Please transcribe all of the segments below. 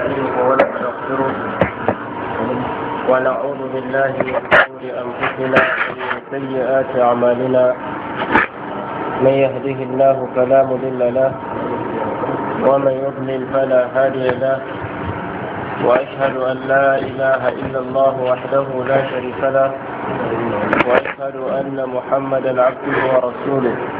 ونستعينه ونستغفره ونعوذ بالله من شرور انفسنا ومن سيئات اعمالنا من يهده الله فلا مضل له ومن يضلل فلا هادي له واشهد ان لا اله الا الله وحده لا شريك له واشهد ان محمدا عبده ورسوله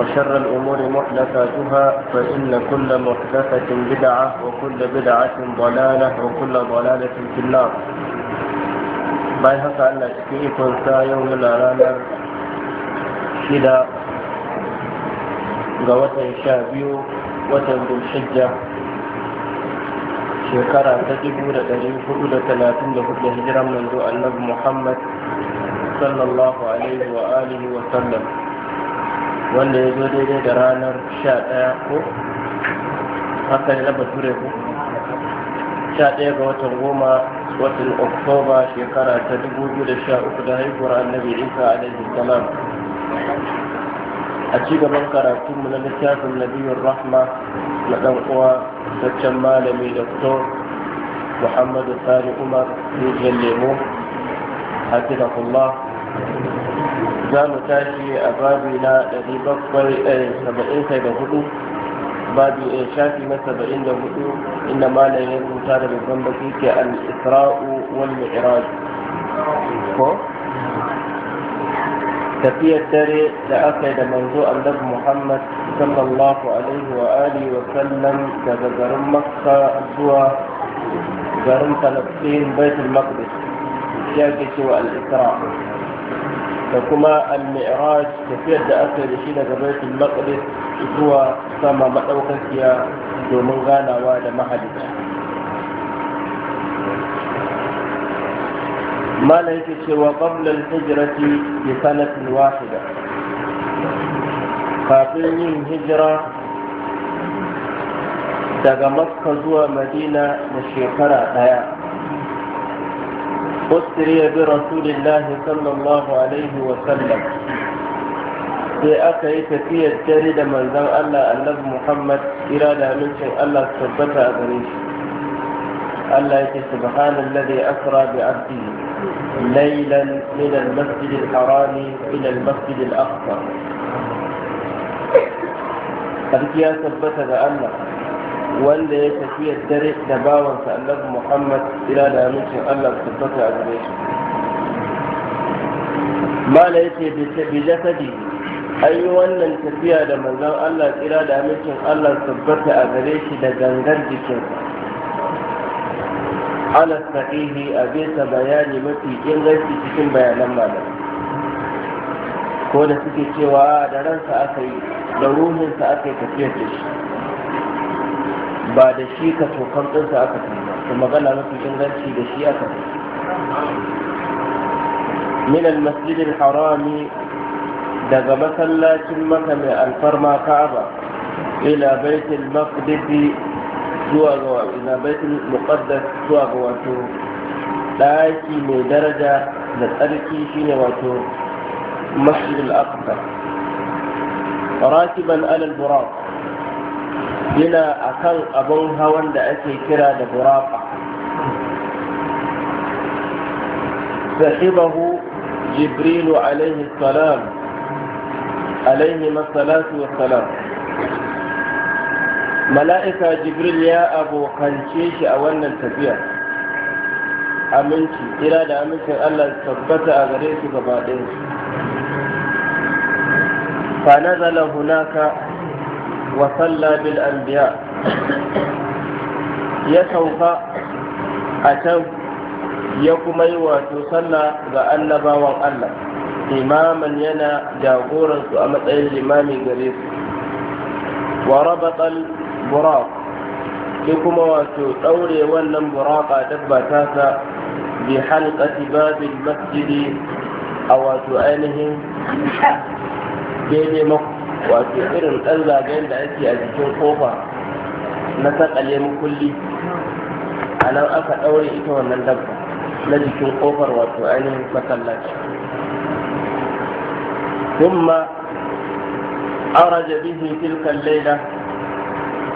وشر الأمور محدثاتها فإن كل محدثة بدعة وكل بدعة ضلالة وكل ضلالة في النار باي هكا أن تكيكم سا يوم الأرانا شدا غوة شابيو وتن ذو الحجة شكرا تجبو لدريم فؤول ثلاثين لفضل هجرة منذ النبي محمد صلى الله عليه وآله وسلم wanda ya zo daidai da ranar sha ɗaya ko haka ne na bature ko sha ga watan goma watan oktoba shekara ta dubu da sha uku da haihuwar annabi isa alaihi salam a ci gaban karatunmu na littafin nabiyar rahma na dan uwa saccen malami doktor muhammadu sani umar rijiyar lemo hafizahullah za mu tashi a babi na 774 babi a shafi na 74 inda malam ya rubuta da babban baki ke al-isra'u wal mi'raj ko tafiyar dare da aka yi da manzo annabi muhammad sallallahu alaihi wa alihi wa sallam daga garin makka zuwa garin falastin baitul maqdis ya ke cewa al-isra'u da kuma al-mi'raj tafiyar da aka da shi daga baitul maqdis zuwa sama madaukakiya domin ganawa da mahalicci mala yake cewa qabla al-hijrati bi sanatin wahida kafin yin hijira daga makka zuwa madina da shekara daya أسري برسول الله صلى الله عليه وسلم sai aka yi tafiyar dare da manzan Allah Allah Muhammad kira da amincin Allah su tabbata a gare shi Allah yake subhanallazi asra bi abdihi laylan min al-masjid al Harami, ila al-masjid al-aqsa ya tabbata ga Allah wanda ya tafi dare da bawansa annabi muhammad ila da amincin allah su tabbata a gare shi mala ya ce bi jasadi an yi wannan tafiya da manzon allah tsira da amincin allah su tabbata a gare shi da gangar jikinsa ala sahihi a bisa bayani mafi inganci cikin bayanan malamai ko da suke cewa da ransa aka yi da ruhinsa aka yi tafiyar da shi ba da shi ka tokan ɗinsa aka tafi ba to magana mafi inganci da shi aka tafi min al-masjid al-harami daga masallacin maka mai alfarma ka'aba ila baitul maqdis zuwa ga ila baitul muqaddas zuwa ga wato daki mai daraja da tsarki shine wato masjid al-aqsa rakiban ala al-buraq yana kan abin hawan da ake kira da buraka sahibahu jibrilu alaihi salam alaihi masalatu salam mala'ika jibril ya abokance shi a wannan tafiya aminci kira da amincin allah tabbata a gare su gaba ɗaya fa nazala hunaka وصلى بالأنبياء يسوف أتو يكما يواتوصلى بأنبا وأنبا إماما ينا جاغورا سؤمت أي الإمام قريب وربط البراق يكما واتوطوري ونم براقا تبتاتا بحلقة باب المسجد أو أتو أينهم daidai wato irin ɗan zagayen da ake a jikin kofa na sakale kulli a nan aka ɗaure ita wannan dabba na jikin kofar wato ainihin masallaci kuma araja bihi tilkan laila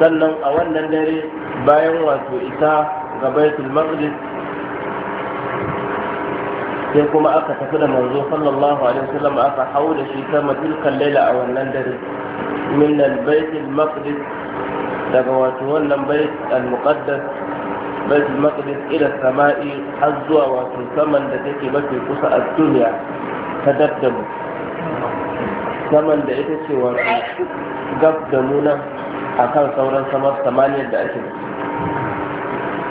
sannan a wannan dare bayan wato isa ga baitul maqdis sai kuma aka tafi da manzo sallallahu alaihi wasallam aka hau da shi sama tilkan laila a wannan dare min al-bayt al-maqdis daga wato wannan bayt al-muqaddas bayt al-maqdis ila sama'i har zuwa wato saman da take mafi kusa a duniya ta daddamu saman da ita ce wato gab da nuna akan sauran samar samaniyar da ake da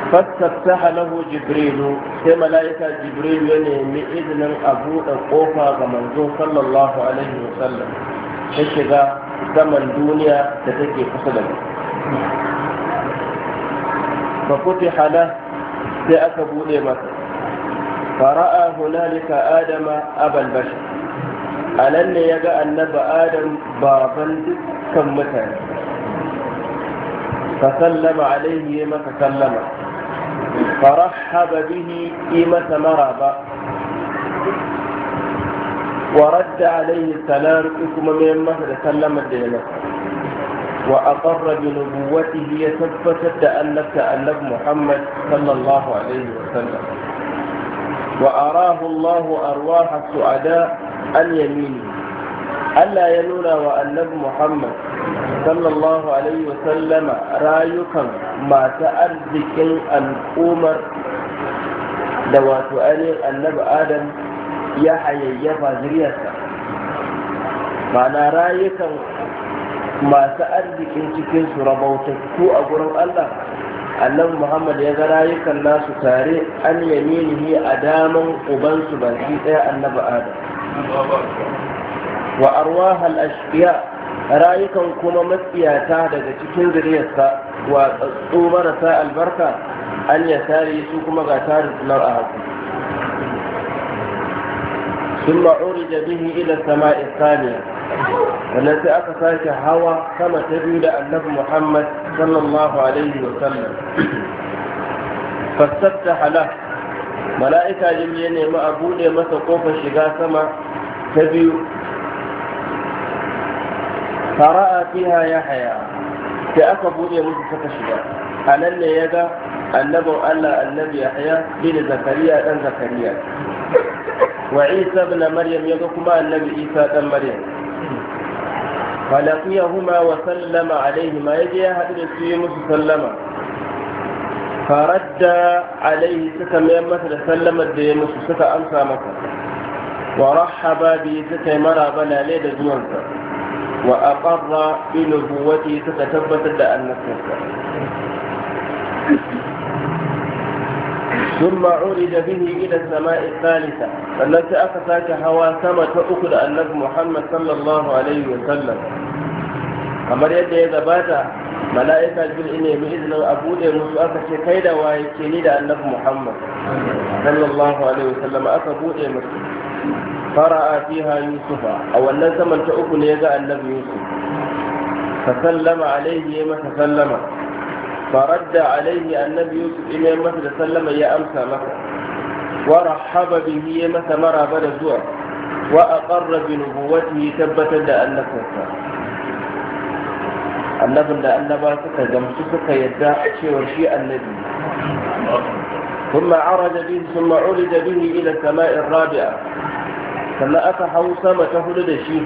ta Halahu jibrilu sai mala'ika jibrilu ya nemi izinin abuɗa ƙofa ga manzo sallallahu alaihi wa sallam ta shiga saman duniya da take kusa da mu fa sai aka buɗe masa fara'a hunalika adama abal bashar a nan ne ya ga annaba adam mutane fa sallama alaihi ya maka sallama فرحب به قيمة مرابا ورد عليه السلام إكما من مهد سلم الدينة وأقر بنبوته يثبت تألف تألف محمد صلى الله عليه وسلم وأراه الله أرواح السعداء عن يمينه ألا ينونا وأنب محمد sallallahu alaihi wasallama rayukan masu arzikin al'ummar da wato ainihin annabi adam ya hayayyafa zuriyarsa mana rayukan masu arzikin cikin su rabautattu a gurin allah annabi muhammad ya ga rayukan nasu tare an yaminihi a daman ubansu baki ɗaya annabi adam wa arwahal ashqiya rayukan kuma matsiyata daga cikin zuriyarsa wa tsatsu marasa albarka an ya tare su kuma ga tarin nan a haku sun ma'uri da bihi ila sama isaniya wannan sai aka sake hawa sama ta biyu da annabi muhammad sallallahu alaihi wa sallam fassarta hala mala'ika jin ne nemi a buɗe masa kofar shiga sama ta biyu fara'a fiha yahya sai aka buɗe musu suka shiga a nan ne ya ga Allah annabi yahya bin zakariya dan zakariya wa isa ibn maryam ya ga kuma annabi isa dan maryam falaqiyahuma wa sallama alaihima yaje ya haɗu da su yi musu sallama faradda alaihi suka da da ya musu suka amsa masa wa rahaba maraba da zuwansa وأقر بنبوته فتثبت لأن نفسك ثم عرج به إلى السماء الثالثة فالتي أخذك هوا سما تأخذ النبي محمد صلى الله عليه وسلم أمر يد يذبات ملائكة جل إني بإذن أبو دي نسو أخذ كيدا وايكيني محمد صلى الله عليه وسلم أخذ أبو فرأى فيها يوسف أن سمن تأكل يدا النبي يوسف فسلم عليه يما تسلم فرد عليه النبي يوسف إلى يما تسلم يا أمسى مكة ورحب به يما ثمر بل زور وأقر بنبوته ثبت لأنك أنه لأن ما جمسك سكة يدا شيء النبي ثم عرج به ثم عرج به إلى السماء الرابعة sannan aka hau sama ta hudu da shi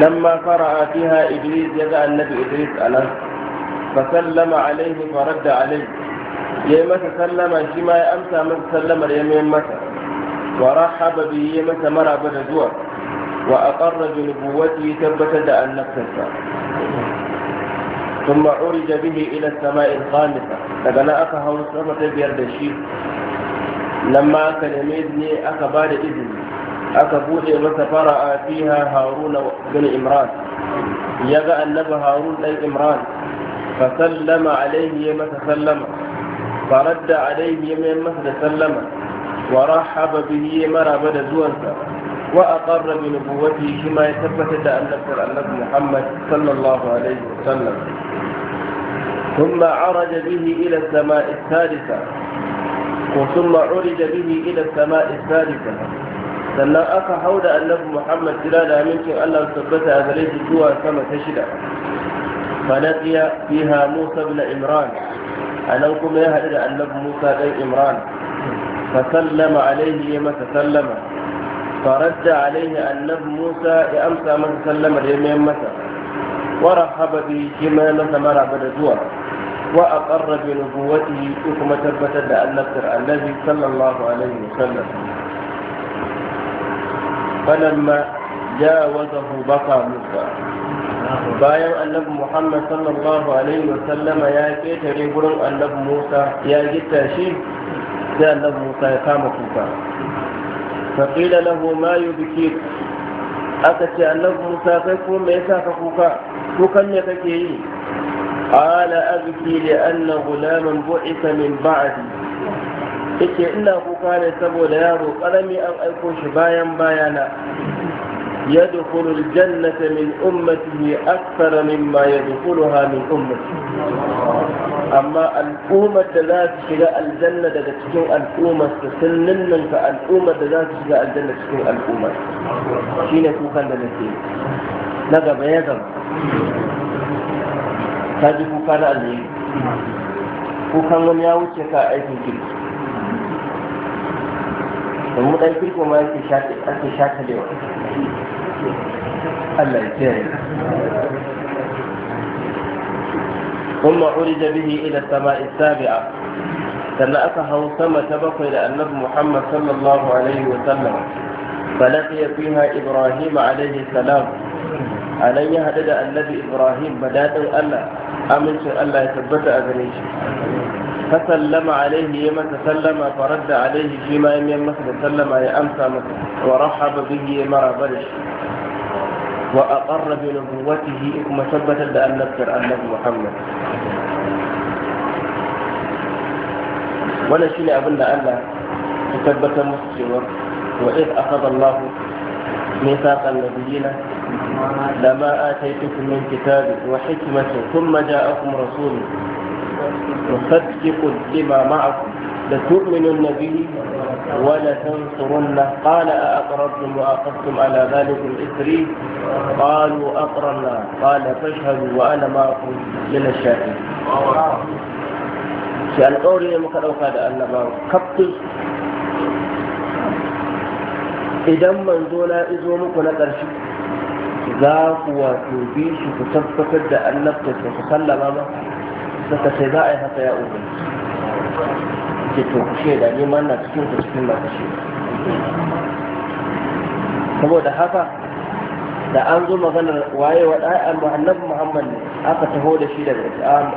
lamma fara'a fiha idris ya ga annabi idris anan fa sallama alaihi fa radda alaihi ya yi masa sallama shi ma ya amsa masa sallamar ya mai masa wa rahaba bihi ya masa maraba da zuwa wa aqarra bi nubuwwati tabbatar da annabtarsa ثم عرج به إلى السماء الخامسة لقد أخا هو السماء بيردشي لما كان يميزني أخا بعد إذن أكبوحي وسفر فيها هارون بن عمران يغى أنب هارون بن عمران فسلم عليه يما تسلم فرد عليه يما تسلم ورحب به يما رابد زوانسا وأقر بنبوته كما يثبت أن نفسر محمد صلى الله عليه وسلم ثم عرج به إلى السماء الثالثة وثم عرج به إلى السماء الثالثة sannan aka hau da annabi muhammad jira da amincin allah tabbata a gare shi zuwa sama ta shida fanaqiya fiha musa ibn imran nan kuma ya haɗu da annabi musa ɗan imran fa sallama alaihi ya masa sallama ya عليه masa موسى أمسى من سلم اليمين مسا ورحب به كما مثمر بدا زور وأقر بنبوته ثم تبت النبي sallallahu الله wa sallam. falamma jawazahu baka musa bayan annabi muhammad sallallahu alaihi wa sallama ya ketare gurin annabi musa ya gita shi sai annabi musa ya kama kuka faƙila lahu ma yubkik aka ce annabi musa kai ko me yasa ka kuka kukan ne kake yi qala abki li anna ghulaman bu'itha min ba'di yake ina kuka ne saboda yaro karami an aiko shi bayan bayana ya dukulu jannata min ummatihi akthara mimma ya dukuluha min ummati amma al'ummar da za su shiga aljanna daga cikin al'ummar su sun ninninka al'ummar da za su shiga aljanna cikin al'ummar Shi ne kukan da nake na gaba ya gaba ta ji kuka na alheri kukan wani ya wuce ka aikin kirki ثم عرج به الى السماء السابعه تلاته ثم سبق الى النبي محمد صلى الله عليه وسلم فلقي فيها ابراهيم عليه السلام عليها هدد النبي ابراهيم بدات الله أمن شاء الله يثبت أذنيك فسلم عليه يمن تسلم فرد عليه فيما يمن تسلم يا أمسى ورحب به مرى بلش وأقر بنبوته ثم ثبت بأن نذكر أنه محمد ولا شيء أبن أن تثبت مسجد وإذ أخذ الله ميثاق النبيين لما آتيتكم من كتاب وحكمة ثم جاءكم رسول مصدق لما معكم لتؤمنن به ولتنصرنه قال أأقررتم وأخذتم على ذلك إثري قالوا أقررنا قال فاشهدوا وأنا معكم من الشاهدين. شأن أوري قال أنما كبت idan manzo na izo muku na ƙarshe za ku wato bi shi ku tabbatar da annabta ta ku sallama ba suka ce za a yi haka ya uku ke to ku shaida ne ma na cikin ku cikin masu shi saboda haka da an zo maganar waye wa ɗaya annabi muhammad ne aka taho da shi daga ita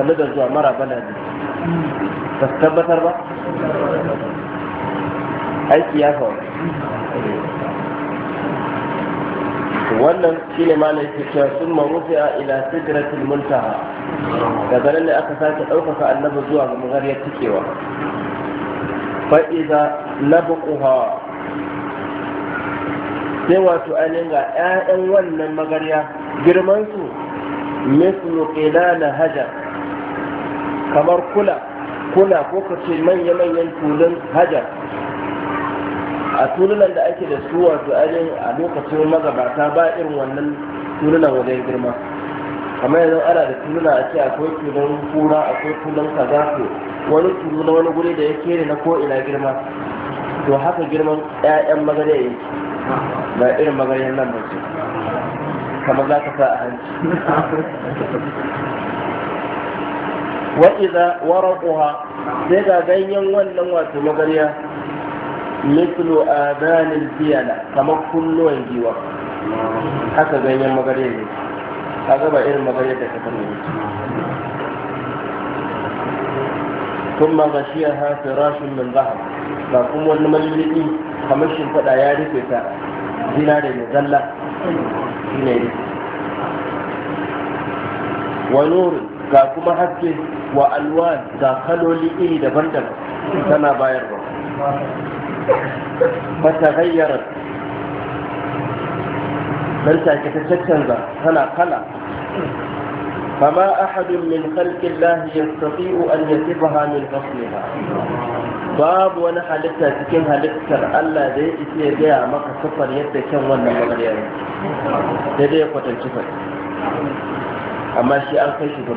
sannu da zuwa mara bana ne ba tabbatar ba aiki ya faru wannan shi ne malai cikin sun marufi a ila sidratul muntaha daga nan ne aka sake ɗaukaka annabi zuwa ga magariyar cikewa fa'iza na bukuha sai wato ainihin ga 'ya'yan wannan magarya girmansu mislu na hajar kamar kula kula ko ka ce manya-manyan tulun hajar a tulunan da ake da su wato ainihin a lokacin magabata ba irin wannan tulunan wajen girma kamar yanzu ana da tuluna a ce akwai tulun kura akwai tulun kaza ko wani tulu na wani guri da ya kere na ko'ina girma to haka girman 'ya'yan magana yi ba irin maganin nan ba ce kamar za ka sa a hanci wa iza waraquha sai ga ganyen wannan wato magariya mislu adanil biyala kamar kulluwan giwa haka ganyen magare ne ka gaba irin magare da kafar ne gashiya غشيها فراش من ذهب ba kuma wani malliɗi kamar shimfiɗa ya rufe ta zinare mai zalla shi ne wa nuri ga kuma haske wa alwan ga kaloli iri daban-daban tana bayarwa فتغيرت بل تكتشكل هنا قلع فما أحد من خلق الله يستطيع أن يصفها من فصلها باب وانا حالتها تكين حالتها ألا دي إتيه دي ما سفر يد كم وانا مغريان يعني. دي دي قتل شفر أما شيء ألقي شفر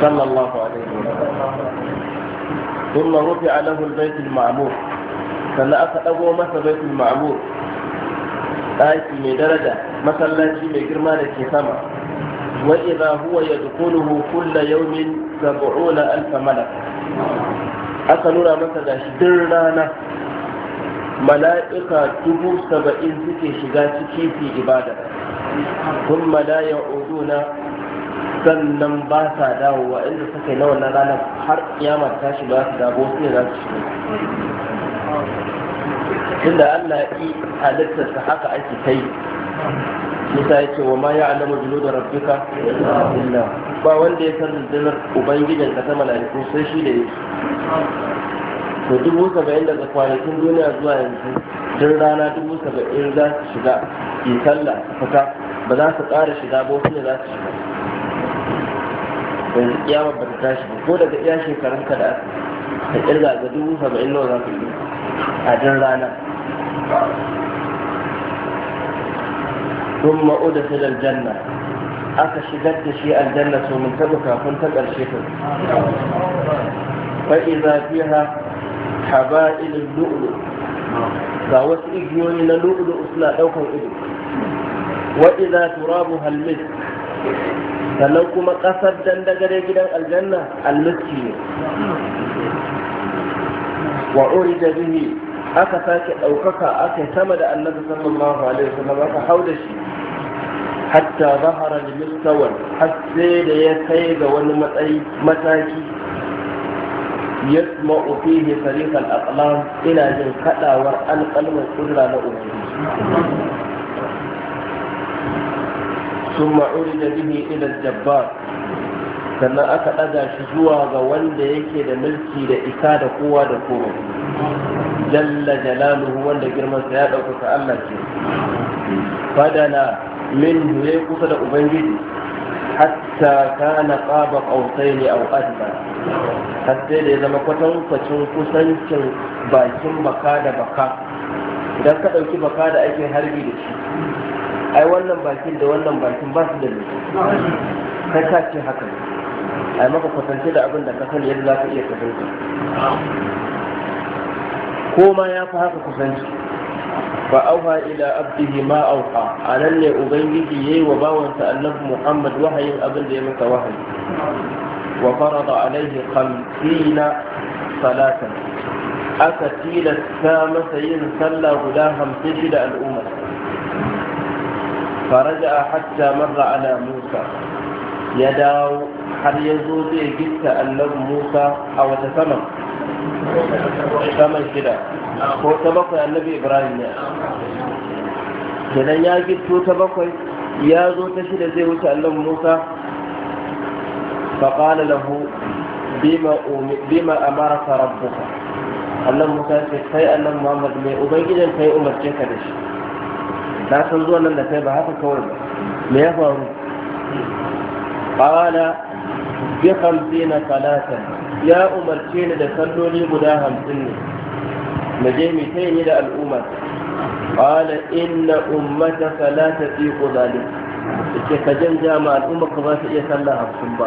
صلى الله عليه وسلم ثم رفع له البيت المعمور sannan aka ɗago masa baitul ma'mur ɗaki mai daraja masallaci mai girma da ke sama wa idza huwa yadkhuluhu kull yawmin 70 alf malak aka nuna masa gashi duk rana mala'ika dubu saba'in suke shiga ciki fi ibada kun ya na. sannan ba sa dawowa inda suke nawa na wannan ranar har kiyama tashi ba su dawo sai za su shiga tunda Allah yi halittar halittarsa haka ake kai Musa ya ce wa ma ya alama julu da rabbika illa ba wanda ya san rundunar ubangijin ka ta mala'iku sai shi da ya yake to dubu saba'in daga kwanakin duniya zuwa yanzu tun rana dubu saba'in za su shiga yi sallah fita ba za su ƙara shiga ba wasu ne za su shiga yanzu kiyama ba ta tashi ba ko daga iya shekarun ka da aka ka kirga ga dubu saba'in nawa za ka yi a dun rana ثم أدخل الجنة أكا شجدت شيء الجنة ومن تبكى كنت الشيخ فإذا فيها حبائل اللؤلؤ فوس إجيون اللؤلؤ أسلا أوكا إجيون وإذا ترابها المسك فلو كما قصد جندق رجلا الجنة المسكين وعرج به aka sake ɗaukaka aka yi sama da annabi sallallahu alaihi wasallam aka hau da shi hatta zahara da har sai da ya kai ga wani matsayi mataki yasma'u fihi sariq al-aqlam ina jin kaɗawar alƙalmin kudura na ubangiji ثم عرج به إلى الجبار sannan aka ɗaga shi zuwa ga wanda yake da mulki da isa da kowa da kowa jalla jalaluhu wanda girmansa ya ɗaukaka Allah ce fadana min ya kusa da ubangiji hatta kana qaba qausaini aw adna hatta da ya zama kwacin kusancin bakin baka da baka idan ka ɗauki baka da ake harbi da shi ai wannan bakin da wannan bakin ba su da ne kai ka ce haka ne a maka kwatance da abin da ka sani yadda za ka iya kwatance ko ma ya fi haka kusanci fa auha ila abdihi ma auha a nan ne ubangiji yayi wa bawansa annabi muhammad wahayin abin da ya masa wahayi wa farada alaihi khamsina salatan aka tilasta masa yin sallah guda hamsin shida al'umma faraja hatta marra ala musa ya dawo har ya zo zai gitta annabi musa a wata saman saman shida ko ta bakwai annabi ibrahim ne idan ya gitto ta bakwai ya zo ta shida zai wuce annabi musa faƙala lahu bima amaraka rabbuka annabi musa ce kai annabi muhammad mai ubangijin kai umarce ka da shi na san zuwa nan da kai ba haka kawai ba me ya faru قال بخمسين صلاة يا أمر كين دسلوا لي مداهم سني تيني da الأمة قال إن أمتك لا تطيق ذلك ke ka jan jama al'umma ka su iya sallah hamsin ba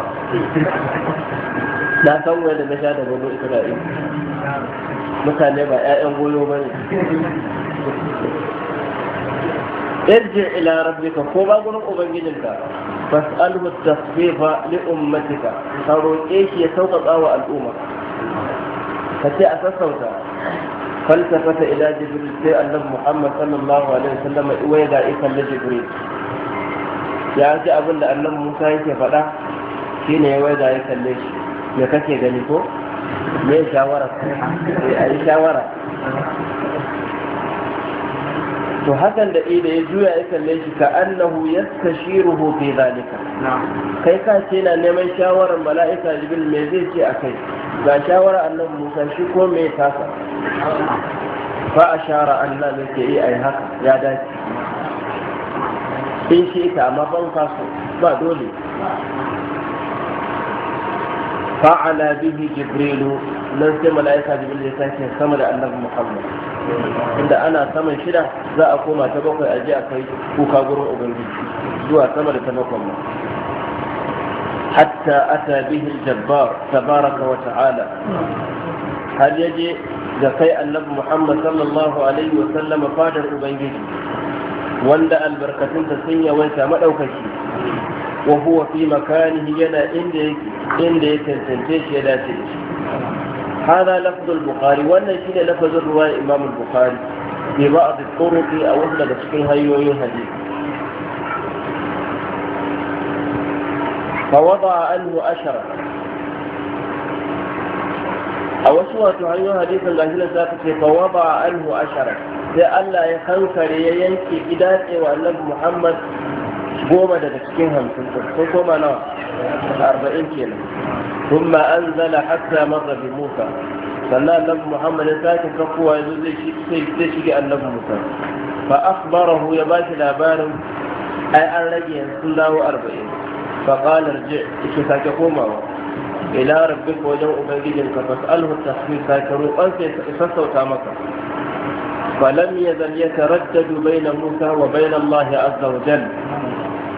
na san wanda na sha daga mu isra'ila mutane ba 'ya'yan goyo ba ne irji ila rabbika ko ba gurin ubangijinka fas'alhu tasfifa li ummatika ka roƙe shi ya sauƙaƙa wa al'umma Kace a sassauta falsafa ta ila jibril sai annabi muhammad sallallahu alaihi wasallam wai ga ikan da ya ji abin da annabi musa yake faɗa shine wai ga ikan da kake gani ko me shawara sai a shawara to hakan da ida ya juya ya kalle shi ka annahu yastashiruhu fi zalika kai ka ce na neman shawarar mala'ika jibril me zai ce a kai ga shawara annabi musa shi ko me tasa fa ashara allah ne ke yi ai haka ya dace in shi ita amma ban kaso ba dole ala bihi jibrilu nan sai mala'ika jibril ya sake sama da annabi muhammad inda ana saman shida za a koma ta bakwai aje a kai kuka gurin ubangiji zuwa sama da ta bakwai ma hatta ata bihi jabbar tabaraka wa ta'ala har yaje da kai annabi muhammad sallallahu alaihi wa sallama fadar ubangiji wanda ta sun yawaita madaukaki wa huwa fi makanihi yana inda yake inda ya tantance shi ya dace da shi هذا لفظ البخاري وانا شيء لفظ الرواية إمام البخاري في بعض الطرق أو أهل هاي هيوي هدي فوضع أنه اشرة أو سوى تعيون حديث الجاهلة ذاتك فوضع أنه أشرا لألا يخنكر ينكي إداتي وأن محمد قوم daga cikin في ko goma nawa أربعين كيلو ثم أنزل حتى مر بموسى sannan annabi muhammad ya sake kafowa ya zo zai shige annabi musa fa akhbarahu ya bashi labarin ai an rage yanzu sun dawo arba'in fa qala ki sake komawa ila rabbika wajen ubangijin ka fas'alhu tahfif sake roƙon sai ka sassauta maka falam musa wa baina allah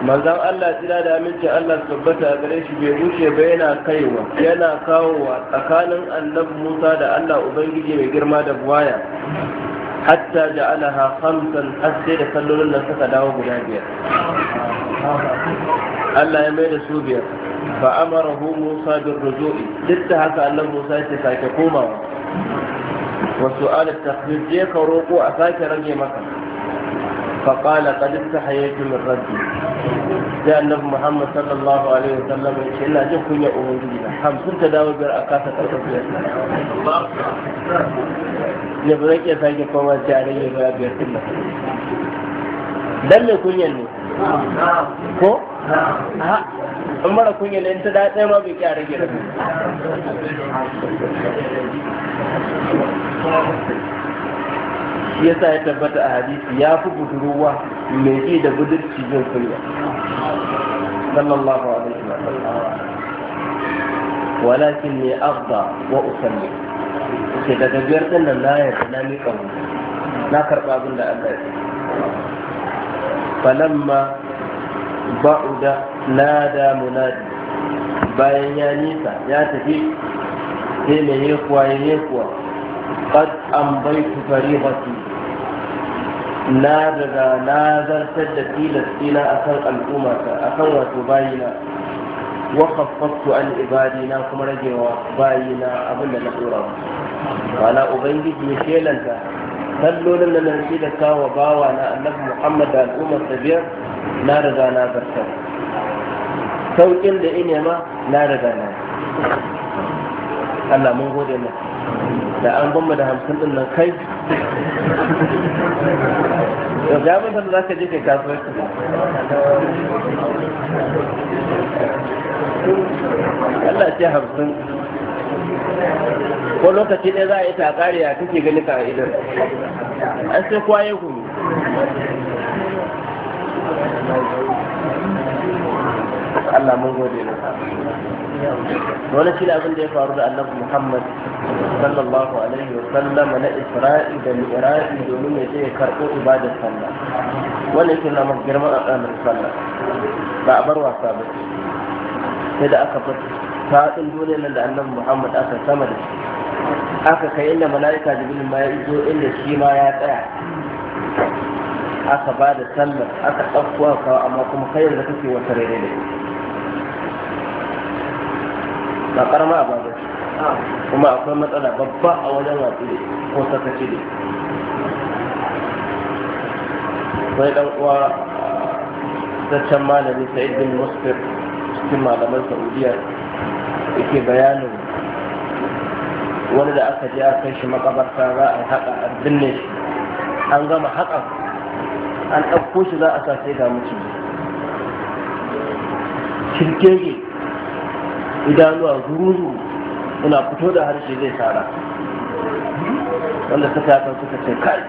manzan Allah tsira da aminci Allah tabbata a gare shi bai wuce ba yana kaiwa yana kawowa tsakanin annabi Musa da Allah Ubangiji mai girma da buwaya hatta ja'alaha khamsan har sai da sallolin nan suka dawo guda biyar Allah ya mai da su biyar fa amarahu Musa bin ruju'i duk da haka Allah Musa ya sake komawa Wasu su'al at je ka roko a sake rage maka فقال قد استحييت من ربي sai annabi muhammad sallallahu alaihi wasallam ya ce ina jin kunya ubangiji na hamsin ta dawo biyar a kasa karfa biyar ne ba zan iya sake koma ta rage ba biyar din nan dan me ne ko a in mara kunya ne ta da ma bai kya rage ba shi yasa ya tabbata a hadisi ya fi budurwa mai ji da budurci jin kunya sallallahu alaihi wa sallam walakin ne afda wa usalli ke daga biyar din nan na yarda na miƙa kawo na karba abin da Allah ya falamma ba'uda nada munadi bayan ya nisa ya tafi sai mai yekuwa ya yekuwa قد أمضيت فريضتي na daga na zartar da tilastina a kan al'ummata a kan wato bayina wa an ibadi na kuma ragewa bayina abinda na dora wala ubangiji ya shelanta sallolin da na da kawo bawa na annabi muhammad da al'ummar biyar na riga na zartar saukin da ina ma na riga na Allah mun gode maka da an bamba da hamsin din nan kai da jami'in da za ka je kai kasuwa Allah ce hamsin ko lokaci ne za a yi takari a kake gani ka idan an sai kwaye ku Allah mun gode na wani shi abin da ya faru da annabi muhammad sallallahu alaihi wa sallama na isra'i da mi'ra'i domin ya je ya karɓo ibadar sallah wannan shi na girman al'amar sallah ba a bar wasa ba sai da aka fi faɗin dole nan da annabi muhammad aka sama da shi aka kai inda mala'ika jibril ma ya iso inda shi ma ya tsaya aka ba da sallar aka ɗauko kawo amma kuma kai yanzu kake wata rere ne ba karama a babu kuma akwai matsala babba a wajen watsi da ko sakaci da akwai dan uwa zaccen malami sai bin musfir cikin malaman saudiya yake bayanin wani da aka je a kai shi makabarta za a haƙa a binne shi an gama haka an ɗauko shi za a sa sai ga mutum shirkege idanuwa guruzu suna fito da harshe zai tsara wanda suka yakan suka ce kai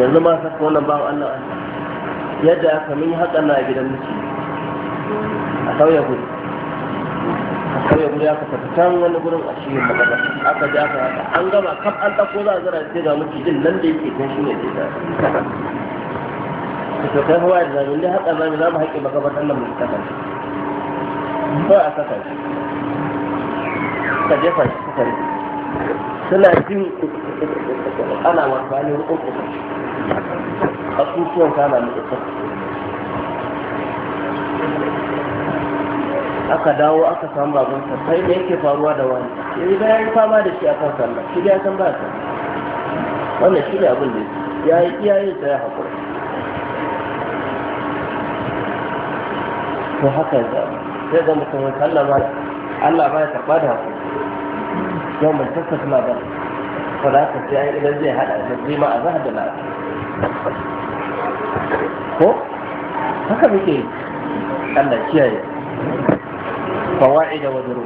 yanzu ma saka wannan ba wannan an yadda kamin min haka na gidan miki a sauya gudu a sauya gudu aka fata can wani gurin a shi magana aka ji aka haka an gama kaf an ɗauko za a zara sai ga miki din nan da yake kan shi ne zai tsara to kai fa wayar zamu ne haka za mu haƙe makabartan nan mu kasance ba a kasance suka jefa shi suka rufe suna jin ana wafani rukun kusa asusuwan kana mai isa aka dawo aka samu babansa sai me yake faruwa da wani yanzu da ya yi fama da shi a kan sallah shi da ya san ba sa wannan shi ne abin da ya yi iyayen sa ya haƙura to haka ya zama sai ga mutum Allah ba Allah ba ya karɓa da haƙura yau mai sassa kuma ba ko da haka sai idan zai haɗa da zai ma a zahar da la'a ko haka muke Allah kiyaye fawa'ida wa duru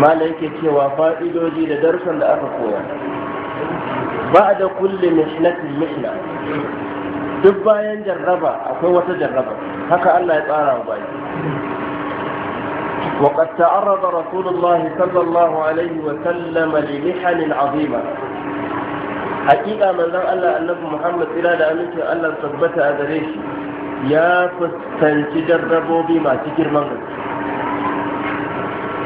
mala yake cewa fa'idoji da darsan da aka koya ba da kulle mishnatin mishna duk bayan jarraba akwai wata jarraba haka Allah ya tsara wa baki وقد تعرض رسول الله صلى الله عليه وسلم لمحن عظيمة حقيقة من ذا الله أنه محمد إلى لأمك الله ثبت أدريش يا فستنتجر ربوبي ما تكر منك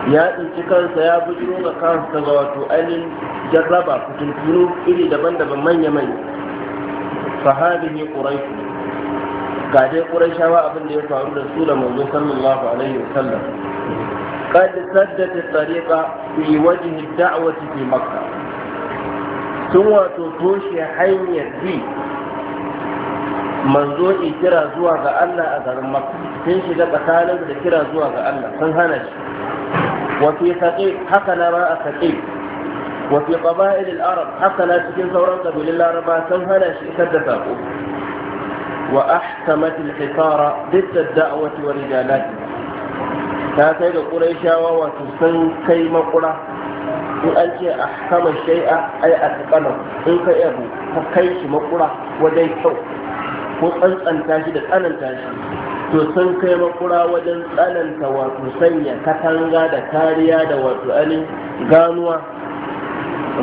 ya tsinci kansa ya bujiro ga kansa ga wato ainihin jarraba fitintunu iri daban-daban manya-manya fahadihi quraishu ga dai quraishawa abin da ya faru da su da manzo sallallahu alaihi sallam. بل سدت الطريق في وجه الدعوة في مكة ثم تطوش حين يدي منظور إجرى زواغ الله أدر مكة تنشي لك تالب لكرى زواغ الله تنهنش وفي ثقيق حقنا ما أثقيق وفي قبائل العرب حتى لا تكون ثورات بلل عربا سنهنا شئتا تفاقه وأحكمت الحصار ضد الدعوة ورجالاتها ta kai da shawa wato sun kai makura in an ce a kama shai'a ai a tsakanin in ka yabu ka kai shi makura wajen kyau ko tsantsanta shi da tsananta shi to sun kai makura wajen tsananta wato sanya katanga da kariya da wato anin ganuwa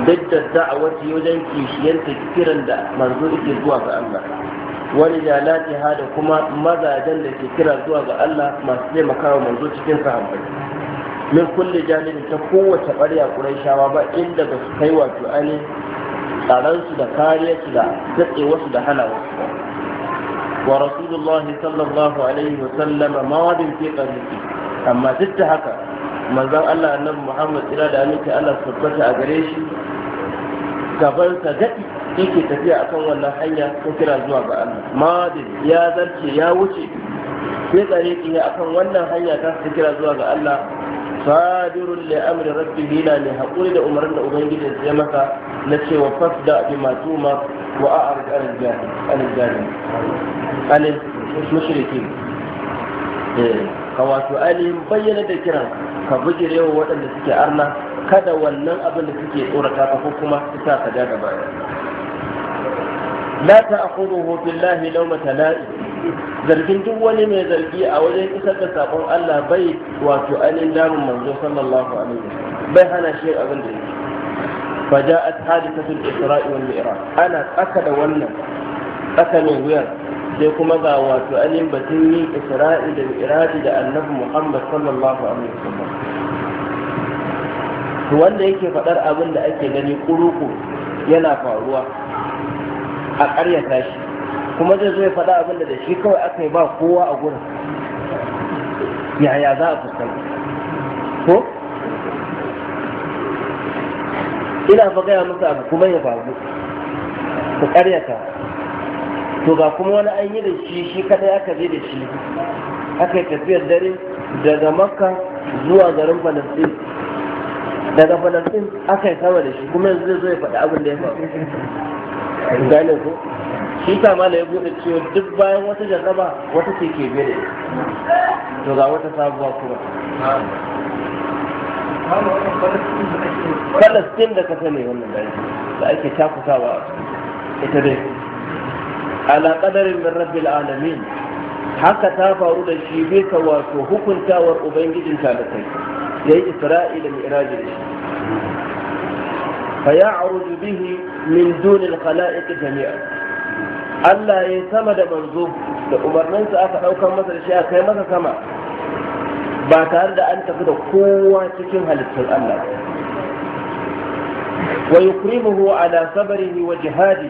duk da za a da'awar wajen kishiyanta kiran da manzo ke zuwa ga Allah wani jalatiha da kuma mazajen da ke kira zuwa ga Allah masu taimakawa manzo cikin sahabbai min kulli janibin ta kowace ƙwarya ƙurayshawa ba inda ba su kai wato ani tsaransu da kariyarsu da datsewarsu da ba. wa rasulullahi sallallahu alaihi wa sallama mawadin fi qalbi amma duk da haka manzon Allah annabi Muhammad tsira da aminci Allah tabbata a gare shi sa daɗi ke tafiya akan wannan hanya ta kira zuwa ga Allah madin ya zarce ya wuce sai tsare ki akan wannan hanya ta ta kira zuwa ga Allah sadirun li amri rabbihi la ne hakuri da umarnin da ubangiji ya masa na cewa fasda bi ma tuma wa a'rid al jahil al jahil anil mushrikin eh, ka wato ainihin bayyana da kiran ka bijire wa waɗanda suke arna kada wannan abin da suke tsorata ka ko kuma su sa ka ja baya la ta'khudhuhu billahi lawmata la'i zargin duk wani mai zargi a wajen isar da sakon Allah bai wato ainihin damun manzo sallallahu alaihi wasallam bai hana shi abin da yake فجاءت حادثة الإسراء والمئراج أنا أكد ولنا أكد wuyar, sai kuma ga wato anin batun yi isra'i da mi'raji da annabi muhammad sallallahu alaihi wasallam to wanda yake faɗar abin da ake gani kuruku yana faruwa a ƙaryata shi kuma zai zo ya faɗa abin da shi kawai aka yi ba kowa a gurin yaya za a fuskanta ko ina fa gaya musu abu kuma ya faru ku ƙaryata to ga kuma wani an yi da shi shi kadai aka je da shi aka yi tafiyar dare daga makka zuwa garin falastin daga falastin aka yi sama da shi kuma yanzu zai zo ya faɗi abin da ya faru gane ko shi sa mala ya bude cewa duk bayan wata jarraba wata ke ke bere to ga wata sabuwa kuma falastin da ka sani wannan da da ake takutawa ita dai ala qadarin min rabbil alamin haka ta faru da shi bai ka wato hukuntawar ubangijin talakai yayi isra'ila da shi فيعرج به من دون الخلائق جميعا Allah ya sama da manzo da umarninsa aka ɗaukar masa da shi a kai masa sama ba tare da an tafi da kowa cikin halittun Allah wa yukrimuhu ala sabarihi wa jihadi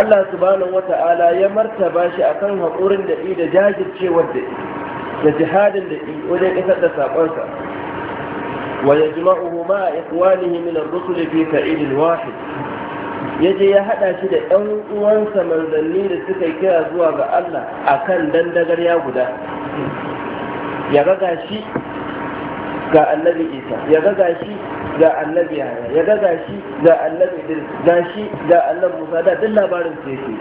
Allah subhanahu wata'ala ya martaba shi akan haƙurin da da jajircewar da da jihadin da wajen isar da saƙonsa ويجمعه مع إخوانه من الرسل في فعيل واحد يجي ya hada shi da ɗan uwansa manzanni da suka yi kira zuwa ga Allah a kan dandagar guda ya ga annabi isa ya ga gashi ga annabi ya ga gashi ga annabi din gashi ga annabi musa da duk labarin su yake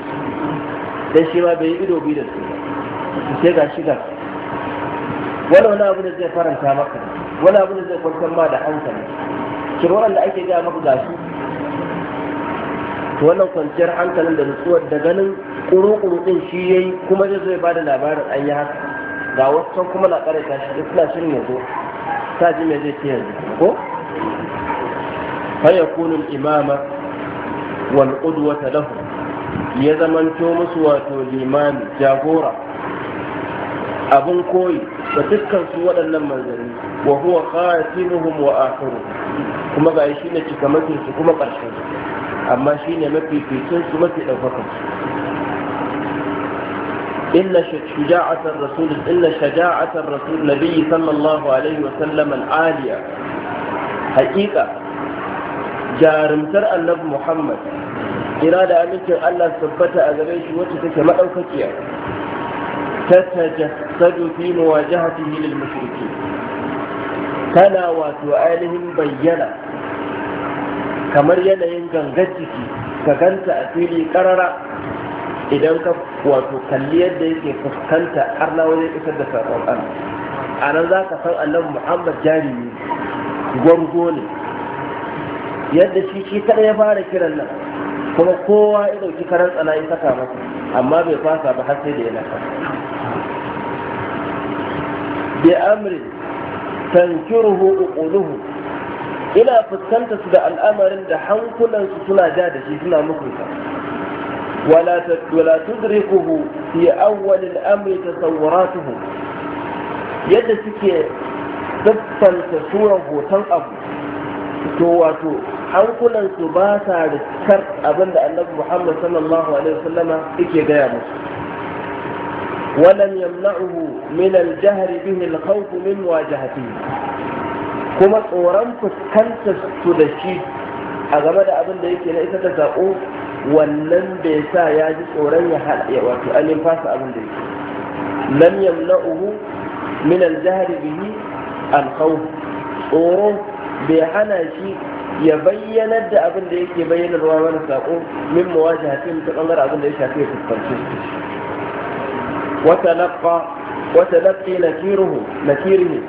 dan shi ma bai ido bi da su sai gashi ga wani abu da zai faranta maka wani abu da zai kwantar ma da hankali shirwaran da ake gaya maku gashi to wannan kwanciyar hankalin da nutsuwar da ganin kuru-kuru din shi yayi kuma zai zai bada labarin an yi haka ga wasu kuma na kare ta shi suna shirin ya zo ta ji mai zai ce yanzu ko fa kunin imama wal qudwata lahu ya zamanto musu wato limami jagora abin koyi ga dukkan su waɗannan manzanni wa huwa khatimuhum wa akhiru kuma ga shi ne cika mafi su kuma ƙarshen amma shi ne mafi fitin su mafi ɗaukakan su inna shaja'atar rasul inna shaja'atar rasul nabiyyi sallallahu alaihi wa sallam al-aliya haƙiƙa jarumtar annabi muhammad kira da amincin allah tabbata a gare shi wacce take madaukakiya تتجسد في مواجهته للمشركين تنا وتؤالهم بينا kamar yanayin gangar jiki ka ganta a fili karara idan ka wato kalli yadda yake fuskanta har na wajen isar da saƙon Allah a nan za ka san allon Muhammad jari ne ne yadda shi shi kada ya fara kiran nan kuma kowa ya dauki karan tsana ya saka masa amma bai fasa ba har sai da ya naka bi amri tankiruhu uquluhu ina fuskanta su da al'amarin da hankulansu suna ja da shi suna mukunta wala tudrikuhu fi awwal al tasawwaratuhu yadda suke siffanta suran hoton abu to wato hankulansu ba sa rikar abin da annabi muhammad sallallahu alaihi wasallama yake gaya musu ولم يمنعه من الجهر به الخوف من مواجهته kuma tsoron fuskantar su da shi a game da abinda yake na isa ta saƙo wannan bai sa ya ji tsoron ya haɗe wato an fasa abin da yake lam yamna'uhu min al-jahri bihi al-khawf tsoro bai hana shi ya bayyanar da abin da yake bayyanarwa mana sako min mawaji hatim ta bangaren abin da ya shafi ya fuskanci wata laƙa wata laƙi na kirihi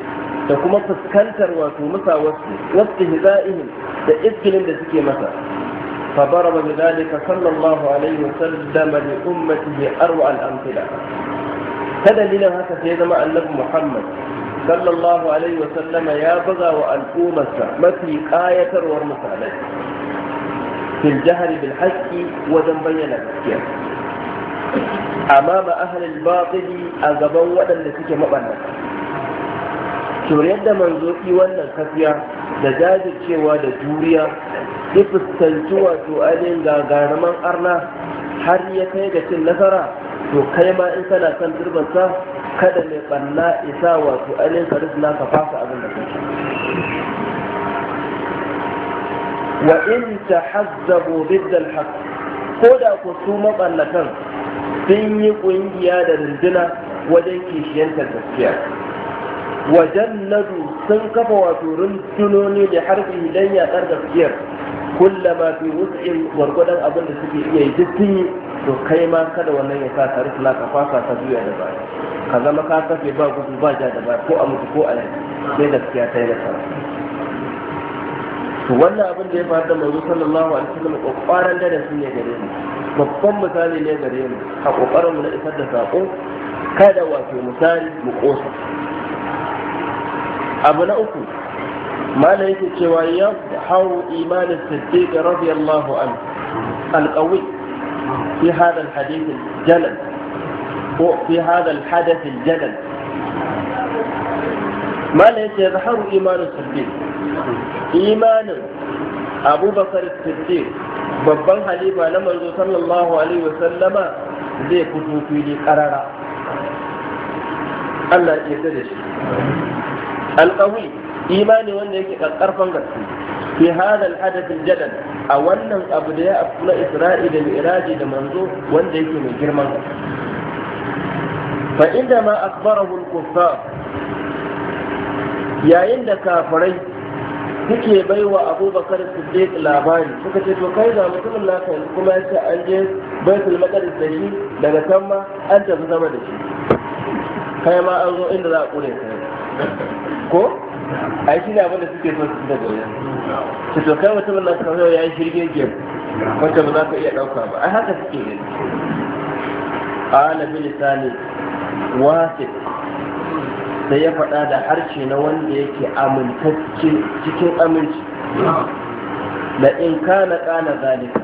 da kuma fuskantar wato musa wasu wasu hiza'ihim da iskilin da suke masa فضرب بذلك صلى الله عليه وسلم لأمته أروع الأمثلة هذا لنا هكذا يا جماعة النبي محمد sallallahu alaihi wa sallama ya buga wa al'ummarsa mafi kayatarwar misalai fil jahri bil haqqi wajen bayyana gaskiya amma ma ahlul batili a gaban waɗanda suke mabannata to yadda manzo yi wannan kafiya da jajircewa da juriya ya fuskanci wato ainihin gagaruman arna har ya kai ga cin nasara to kai ma in kana son turbansa kada mai banna isa wato ainihin ka rufina ka fasa abin da kake wa in tahazzabu bidda alhaq ko da ku su maballatan sun yi kungiya da runduna wajen kishiyantar gaskiya wajen nadu sun kafa wato rundunoni da harfi don yaƙar gaskiyar kullama fi wutsin gwargwadon abin da suke iya yi duk sun yi to kai ma kada wannan ya sa tare kula ka fasa ta juya da baya ka zama ka kafe ba gudu ba ja da baya ko a mutu ko a yanzu sai gaskiya ta yi nasara to wannan abin da ya faru da manzo sallallahu alaihi wasallam kokarin da su ne gare mu babban misali ne gare mu a kokarin mu na isar da sako kada wato misali mu kosa abu na uku mala yake cewa ya hawo imanin siddiq radiyallahu anhu alqawi في هذا الحديث الجلل في هذا الحدث الجلل ما ليس يظهر إيمان الصديق إيمان أبو بكر الصديق babban halifa na manzo sallallahu alaihi wasallama zai fito fili karara Allah ya da shi alƙawi imani wanda yake ƙarƙarfan gaske fi hada alhadath aljadal a wannan abu da ya afu na isra'i da mi'raji da manzo wanda yake mai girman fa inda ma akbarahu al-kuffar yayin da kafirai suke baiwa abubakar siddiq labari suka ce to kai ga mutumin naka kuma yace an je baitul maqdis da shi daga can ma an tafi zama da shi kai ma an zo inda za a kure ko A yi shi ne abinda suke so su da gari su to kai mutumin na kawai ya yi shirgin gem wacce ba za ka iya ɗauka ba A haka suke ne bin Sani wasi sai ya faɗa da harshe na wanda yake amintacce cikin aminci da in kana kana zalika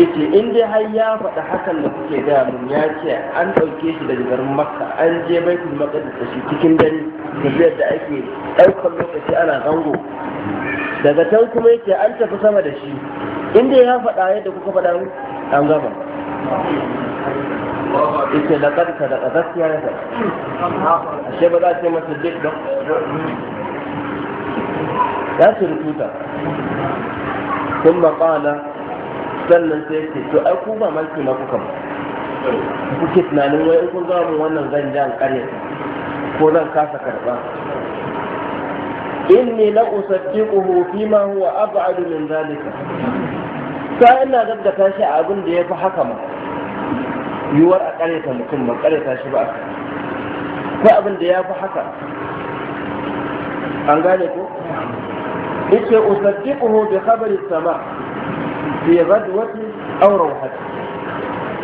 ita in dai har ya faɗa hakan da suke gaya mun ya ce an ɗauke shi daga garin makka an je baitul maqdis da shi cikin dare tafiyar da ake ɗaukar lokaci ana zango daga can kuma yake an tafi sama da shi inda ya faɗa yadda kuka faɗa an gama yake da ƙarka da ƙasashiya ya faɗa ashe ba za a ce masa jik ba. ya ce rubuta sun maƙala sannan sai ce to ai ku ba maki na kuka ba kuke tunanin wai in kun gama wannan zan an ƙarya? كونان كاسا كربا إني لا أصدقه فيما هو أبعد من ذلك فإن هذا كاسا أبن دي فحكم يور أكاليتا مكم أكاليتا شباك فأبن دي فحكم أن قالكو إني أصدقه بخبر السماء في غدوة أو روحتي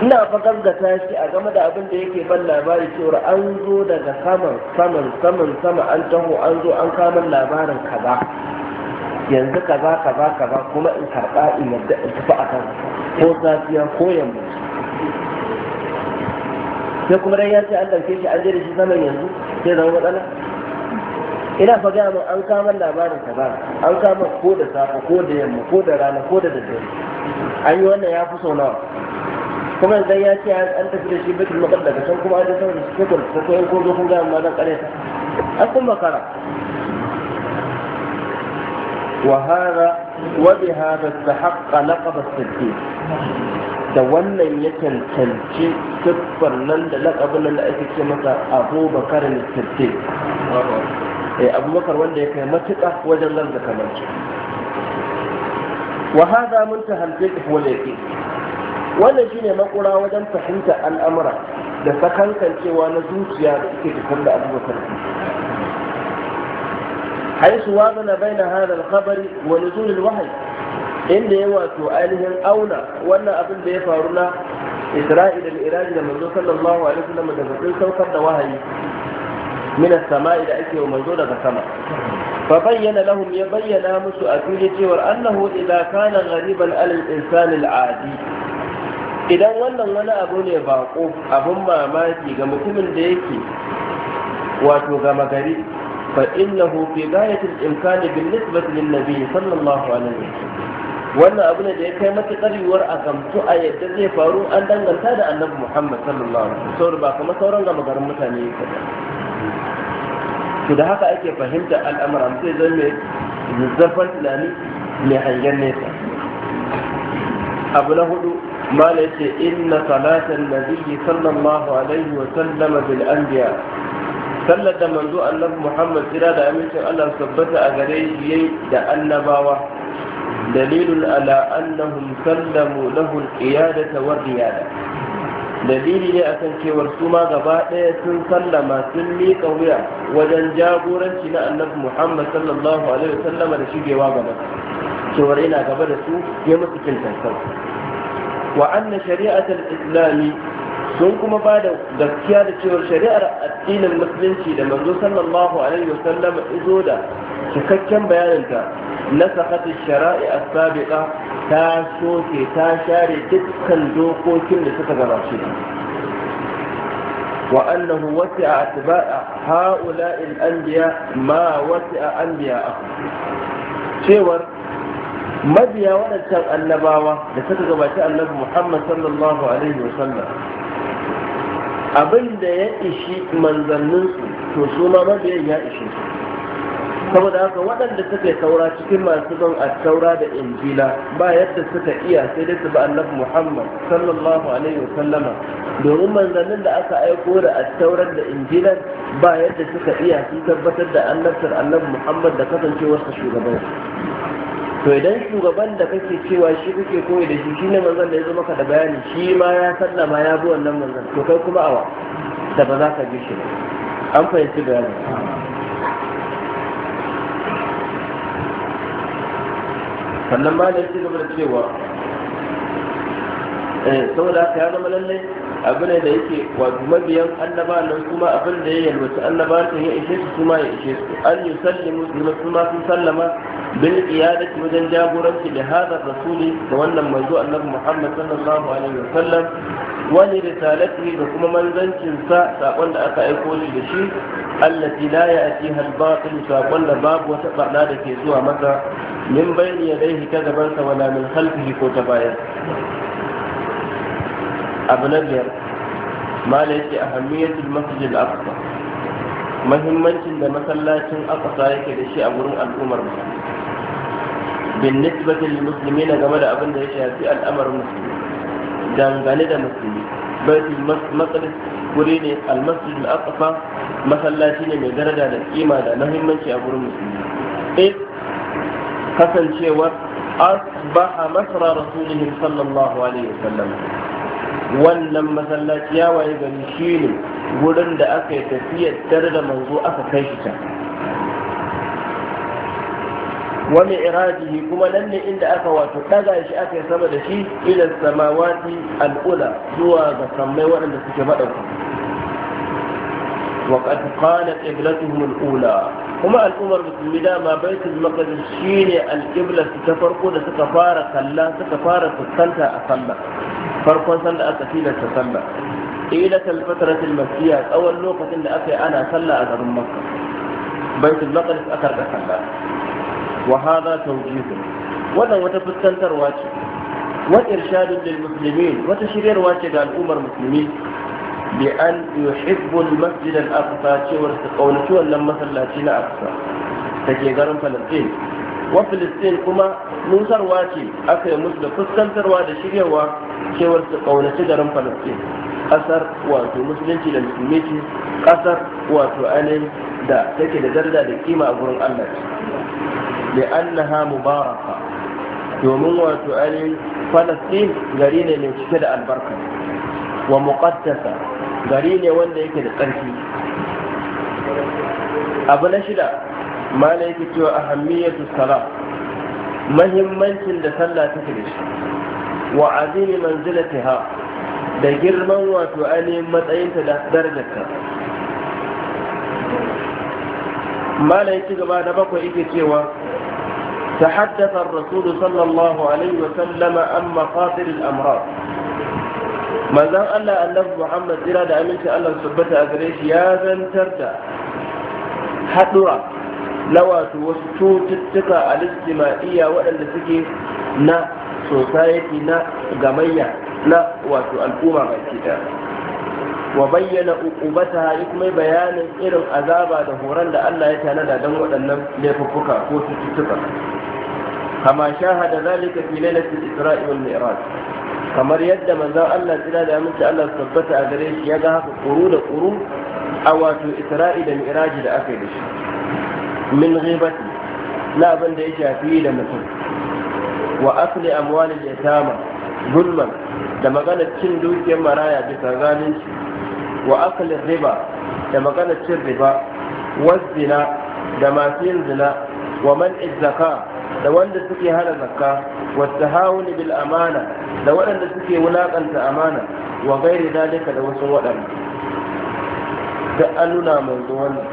ina fa gaggata shi a game da abin da yake ban labari cewa an zo daga saman saman saman sama an taho an zo an kama labarin kaza yanzu kaza kaza kaza kuma in karɓa in yadda in tafi a kan ko safiya ko yamma sai kuma dai ya ce an ɗauke shi an je da shi saman yanzu sai zama matsala ina fa gaya min an kama labarin kaza an kama ko da safe ko da yamma ko da rana ko da daddare an yi wannan ya fi sau nawa kuma idan ya ce an tafi da shi bitul muqaddas can kuma an tafi da shi shukul ko ko ko zo kun ga amma dan kare ta an kun makara wa hada wa bi hada istahaqqa laqab as-siddiq da wannan ya cancanci siffar nan da laƙabin nan da ake ce masa abubakar ne siddiq abubakar wanda ya kai matuƙa wajen nan da kamar wa hada mun ta halbe wal yaqin wannan shine makura wajen fahimta al'amura da sakankancewa na zuciya da suke tafar da abubakar haisu wazana bai na hada alkhabari wa nuzulil wahayi inda ya wato ainihin auna wannan abin da ya faru na isra'i da miraji da manzo sallallahu alaihi wasallam da zafin saukar da wahayi min samai da ake wa manzo daga sama fa bayyana lahum ya bayyana musu a fili cewar annahu idza kana ghariban al insani al adi idan wannan wani abu ne ko abun mamaki ga mutumin da yake wato gama gari fa innahu fi ghayatil imkani bil nisbati lin nabi sallallahu alaihi wannan abu ne da ya kai mata karyuwar a gamtu a yadda zai faru an danganta da annabi muhammad sallallahu alaihi wasallam saboda ba kamar sauran gama garin mutane ba. to da haka ake fahimta al'amura sai zan mai zafar tunani mai hangen nesa abu na hudu wa ليس إن صلاة النبي صلى الله عليه وسلم بالأنبياء صلى منذ أنه محمد صلى الله عليه وسلم الله ثبت أغريه لأنباوة دليل على أنهم سلموا له القيادة والريادة dalili ne akan cewar su ma gaba ɗaya sun sallama sun miƙa wuya wajen jagoranci na annabi muhammad sallallahu alaihi sallama da shigewa gaba cewar ina gaba da su ya musu cin وأن شريعة الإسلام سنكم بعد دكيان تشير شريعة الدين المسلم في لمن صلى الله عليه وسلم إذودا شككا بيانك نسخت الشرائع السابقة تاشوكي تاشاري تتكا دوقوكي لتتكا راشيدا وأنه وسع أتباع هؤلاء الأنبياء ما وسع أنبياء أخر شير mabiya waɗancan annabawa da suka gabaci annabi muhammad sallallahu alaihi wasallam abin da ya ishi manzanninsu to su ma mabiyan ya ishe su saboda haka waɗanda suka yi taura cikin masu ban a taura da injila ba yadda suka iya sai dai su ba annabi muhammad sallallahu alaihi wasallama domin manzannin da aka aiko da attaurar da injilan ba yadda suka iya sun tabbatar da annabtar annabi muhammad da kasancewarsa shugaban to idan shugaban da kake cewa shi kuke koyi da shi shine manzon da ya zo maka da bayani shi ma ya sallama ya bi wannan manzon to kai kuma awa da ba za ka bi shi an fahimci bayani. sannan ma da ci gaba da cewa eh, saboda haka ya zama lallai abu ne da yake wato mabiyan annaba nan kuma abin da ya yalwaci annaba ta ya ishe su kuma ya ishe su an yi sallimu su ma sun sallama bil wajen jagoranci da hada rasuli da wannan zuwa annabi Muhammad sallallahu alaihi wa sallam wani risalati da kuma manzancin sa sakon da aka aiko shi da shi allati la ya'tiha al-batil sakon da babu wata barna da ke zuwa masa min ya yadayhi ta gabansa wala min khalfihi ko ta bayan abu na biyar mala yake a hamiyatul masjid al-aqsa mahimmancin da masallacin aqsa yake da shi a wurin al'ummar mu. bin nisbatin musulmi na game da abin da ya shafi al'amarin musulmi dangane da musulmi baitul maqdis wuri ne al-masjid al-aqsa masallaci ne mai daraja da kima da mahimmanci a wurin musulmi eh kasancewar asbaha masra rasulihim sallallahu alaihi wasallam wannan masallaci ya waye gani shi ne wurin da aka yi tafiyar tare da manzo aka kai shi can wa mi'rajihi kuma nan ne inda aka wato daga shi aka yi sama da shi ila samawati al'ula zuwa ga sammai waɗanda suke madauka wa qad qala qiblatuhum kuma al'ummar musulmi dama baitul maqdis shine alqibla ta farko da suka fara kalla suka fara fuskanta a sallah farkon sallah aka tilasta sallah ila kalfatrat almasiyya tsawon lokacin da aka yi ana sallah a garin makka baitul maqdis aka rika sallah wa hadha tawjih wannan wata fuskantarwa ce wa irshadun lil muslimin wata shiryarwa ce ga al'ummar musulmi bi an yuhibbu al-masjid al-aqsa cewar su kaunaci wannan masallaci na aqsa da ke garin falastin wa filistin kuma nusarwa ce aka musu da fuskantarwa da shiryawa cewar su kaunaci garin falastin kasar wato musulunci da musulmi ce kasar wato ainihin da take da darda da kima a gurin allah ce da annaha mubaraka domin wato ainihin falastin gari ne mai cike da albarka wa muqaddasa gari ne wanda yake da ƙarfi. abu na shida mala yake cewa ahammiyatu sala mahimmancin da sallah take da shi wa azimi manzilatiha da girman wato ainihin matsayinta da darajarta mala yake gaba da bakwai yake cewa Ta الرسول صلى الله عليه وسلم عن manzon Allah Allah Muhammad jira da aminci Allah tabbata a gare shi ya zantar da hadura na wato wasu cututtuka a littima'iya waɗanda suke na society na gamayya na wato al'umma baki ɗaya wa bayyana uqubata ya kuma bayanin irin azaba da horon da Allah ya tanada don waɗannan laifuffuka ko cututtuka kama shahada zalika fi lailatul isra'i wal mi'raj kamar yadda manzon Allah jira da aminci Allah su tabbata a gare shi ya ga haka kuru da kuru a wato isra'i da mi'raji da aka yi da shi min ghibati na abin da ya shafi da mutum wa asli amwalil yatama gulman da magana cin dukiyar maraya bisa zalunci wa asli riba da magana cin riba wa zina da masu yin zina wa man zaka da wanda suke hana zakka wata hauni bil amana da waɗanda suke wulaƙanta amana wa gairi dalika da wasu waɗanda da an mai manzo wannan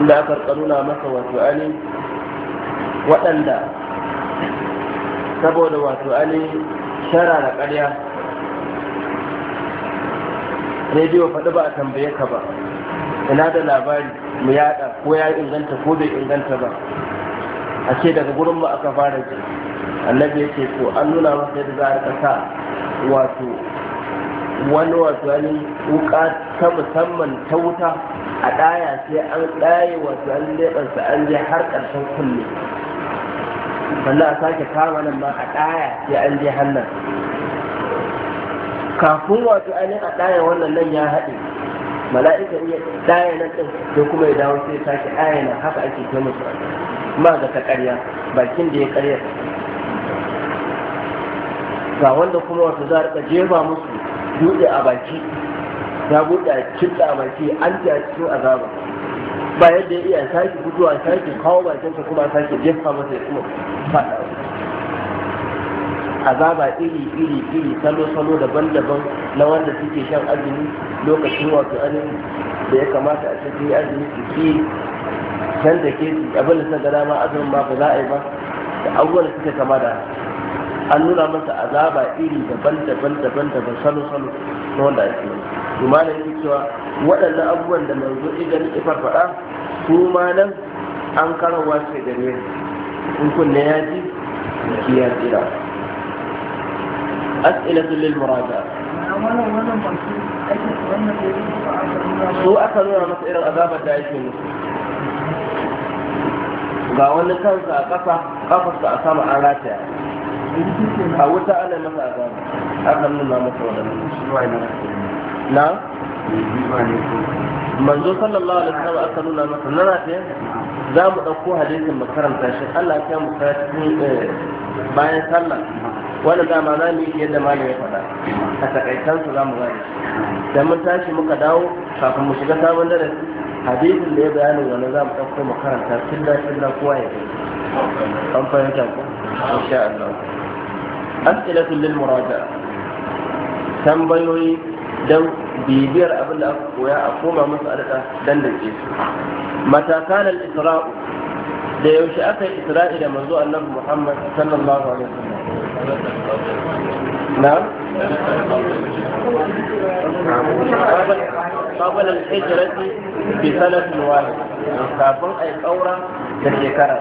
inda aka nuna masa wato Ali. waɗanda saboda wato Ali shara da ƙarya rediyo faɗi ba a tambaye ka ba ina da labari mu yaɗa ko ya inganta ko bai inganta ba a ce daga gurin ba aka fara ce annabi ya ce to an nuna masa yadda za a rika sa wato wani wato wani wuka ta musamman ta wuta a ɗaya sai an ɗaye wato an leɓarsa an je har ƙarshen kulle sannan a sake kama nan ma a ɗaya sai an je hannun kafin wato ainihin a ɗaya wannan nan ya haɗe mala'ika iya ɗaya nan ɗin sai kuma ya dawo sai ya sake ɗaya na haka ake kai musu ba ga ta karya bakin da ya karya ga wanda kuma wasu za a jefa musu dutse a baki ya buɗe a kitsa a baki an ta cikin azaba ba yadda ya iya sake a sake kawo bakinsa kuma sake jefa masa ya kuma faɗa azaba iri iri iri salo salo daban-daban na wanda suke shan azumi lokacin wato azumi da ya kamata a cikin azumi su can da ke abin da suka gada ma azumin ba ba za a yi ba da abubuwan da suka kama da an nuna masa azaba iri daban-daban daban-daban salo-salo na wanda ake yi kuma da yake cewa waɗannan abubuwan da manzo idan ya farfaɗa su ma nan an karawa sai da ne in kunne ya ji jiki ya tsira as'ilatu lil muraja su aka nuna masa irin azabar da ake musu ga wani kansa a ƙasa ƙafarsa a sama an rataya a wuta ana masa a gaba aka nuna masa wadannan na manzo sallallahu alaihi wasallam aka nuna masa na rataya za mu ɗauko hadisin makaranta shi Allah ya mu cikin eh, bayan sallah wanda dama za mu yi yadda malam ya faɗa a takaitansu za mu gani da mun tashi muka dawo kafin mu shiga sabon darasi hadisin da ya bayanin wani za mu ɗauko mu karanta killa na kowa ya kai an fahimta ko insha Allah as'ilatu lil muraja tambayoyi dan bibiyar abin da aka koya a koma musu adada dan da ke matakan al-isra'u da yaushe aka yi isra'i da manzo annabi Muhammad sallallahu alaihi wasallam na قبل الهجرة بسنة واحد kafin a yi ƙaura da shekara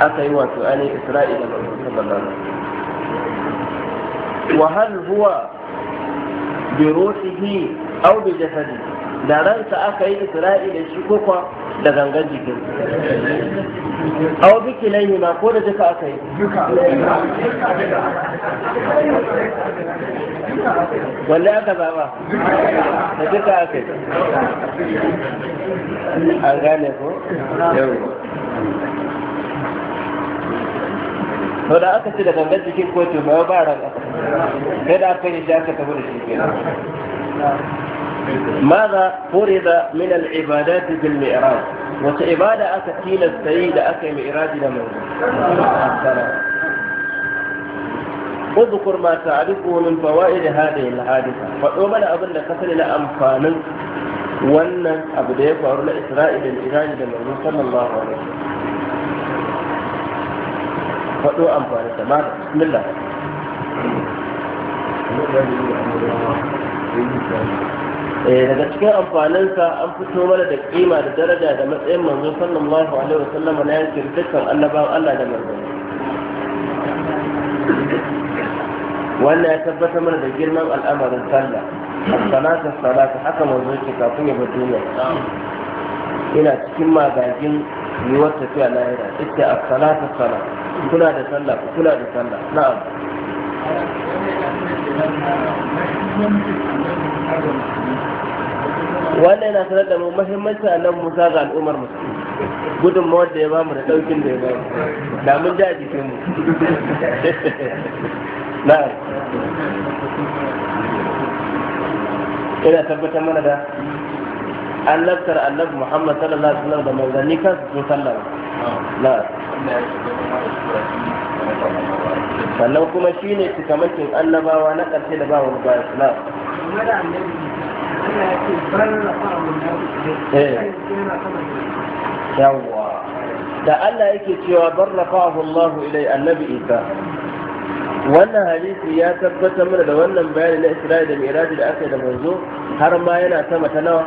aka yi wato ani isra'ila da wa hal huwa bi ruhihi aw bi jasadi da ransa aka yi isra'ila shi ko kwa da gangan jikin awa biki layi ma ko da duka aka yi wanda aka zaba da duka aka yi an gane ko yau to da aka ci da gangan jikin kotu mai ba ran sai da aka yi shi aka tafi da shi kenan ماذا فرض من العبادات في المئراج وتعبادة أكتين السيدة أكي مئراج اذكر ما تعرفه من فوائد هذه الحادثة فأمنا أظن قتل إلى أمفان وأن أبو ديف وأرل إسرائيل الإيراني صلى الله عليه وسلم فأتوا أمفان التمار بسم الله Eh, daga cikin amfaninsa an fito mana da kima da daraja da matsayin manzo sallallahu alaihi wasallam na yankin dukkan annabawan Allah da manzo wannan ya tabbata mana da girman al'amarin sallah salata salatu haka manzo yake kafin ya fito duniya ina cikin magagin yiwuwar tafiya lahira ita a salata salata kula da sallah kula da sallah na'am wannan yana sanar da mu muhimmancin annabi Musa ga al'ummar gudun gudunmawar da ya bamu da daukin da ya bamu da mun ji a jikin mu na'am ina tabbatar mana da an laftar annabi Muhammad sallallahu alaihi wasallam da manzanni kansu sun sallama na'am sannan kuma shine cikamakin annabawa na ƙarshe da ba wani bayan na'am yawwa da Allah yake cewa barrafahu Allah ilai annabi Isa wannan hadisi ya tabbata mana da wannan bayani na Isra'i da Mi'raj da aka yi da manzo har ma yana sama ta nawa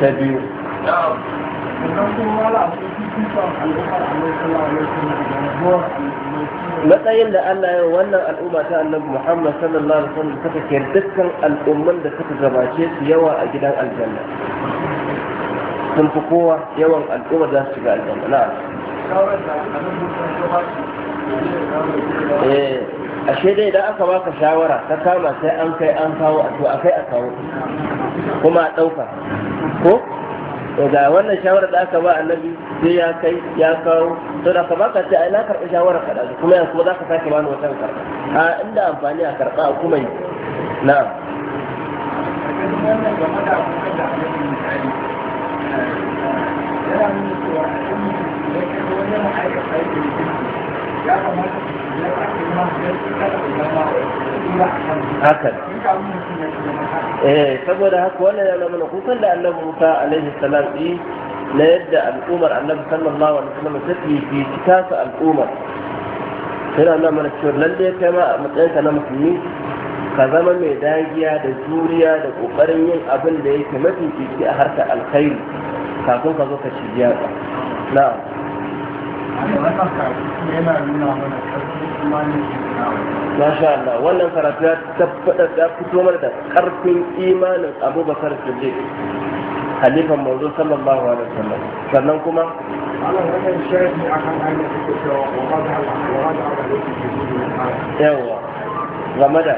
ta biyu matsayin da Allah ya wannan al'umma ta annabi Muhammad sallallahu alaihi wasallam ta take dukkan al'umman da suka gabace su yawa a gidan aljanna sun fi kowa yawan al'umma za su shiga aljanna na eh ashe dai idan aka baka shawara ta kama sai an kai an kawo a to akai a kawo kuma a ɗauka ko daga wannan shawarar da aka ba annabi sai ya kai ya kawo to da ka baka ce ai na karɓi shawarar ka da kuma yanzu za ka sake bani wata karɓa a inda amfani a karɓa a kuma yi na'am ya kamata hakan eh saboda haka wannan ya mana kukan da annabi Musa alaihi salam yi na yadda al'ummar annabi sallallahu alaihi wasallam ta fifici ta su al'ummar sai da annabi mana cewa lalle kai ma a matsayinka na musulmi ka zama mai dagiya da juriya da kokarin yin abin da yake mafi fifi a harkar alkhairi kafin ka zo ka ci jiya na'am yana nuna mana masha Allah wannan karatu ya tabbata da fito mana da karfin imanin abubakar siddiq halifan manzo sallallahu alaihi wasallam sannan kuma yawa game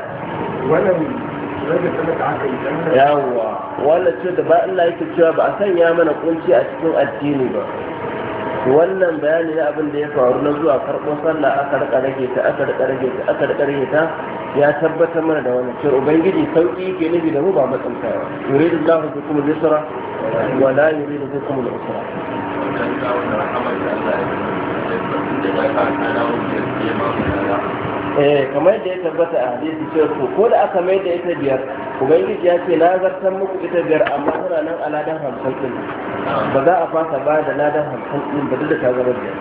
da yawa wannan ce da ba Allah yake cewa ba a sanya mana kunci a cikin addini ba wannan bayani na abin da ya faru na zuwa karɓar sallah aka rika rage ta aka rika rage ta aka rika rage ta ya tabbatar mana da wannan cewa ubangiji sauki ke nufi da mu ba matsantawa yuridu Allahu bikum al-yusra wa la yuridu bikum al-usra Allah ya eh kamar da ya tabbata a hadisi cewa ko ko da aka mai da ita biyar ubangiji ya ce na zartan muku ita biyar amma tana nan a ladan hamsin din ba za a fasa ba da ladan hamsin din ba duk da ta zama biyar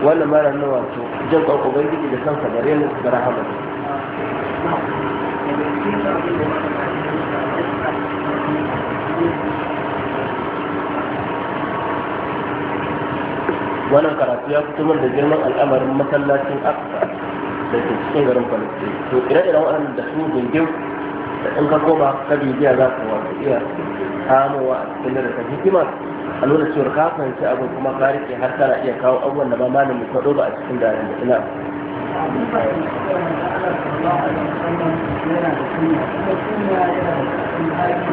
wannan mara nan wato jin kan ubangiji da kansa bare mu da rahama wannan karatu ya fito min da girman al'amarin masallacin aksa da ke cikin garin falastin to ire-iren waɗanda da su gindin da in ka koma ka bibiya za ka wato iya kamowa a cikin da hikima a nuna cewa ka fahimci abin kuma ka rike har kana iya kawo abubuwan da ba malam mu kwaɗo ba a cikin da ina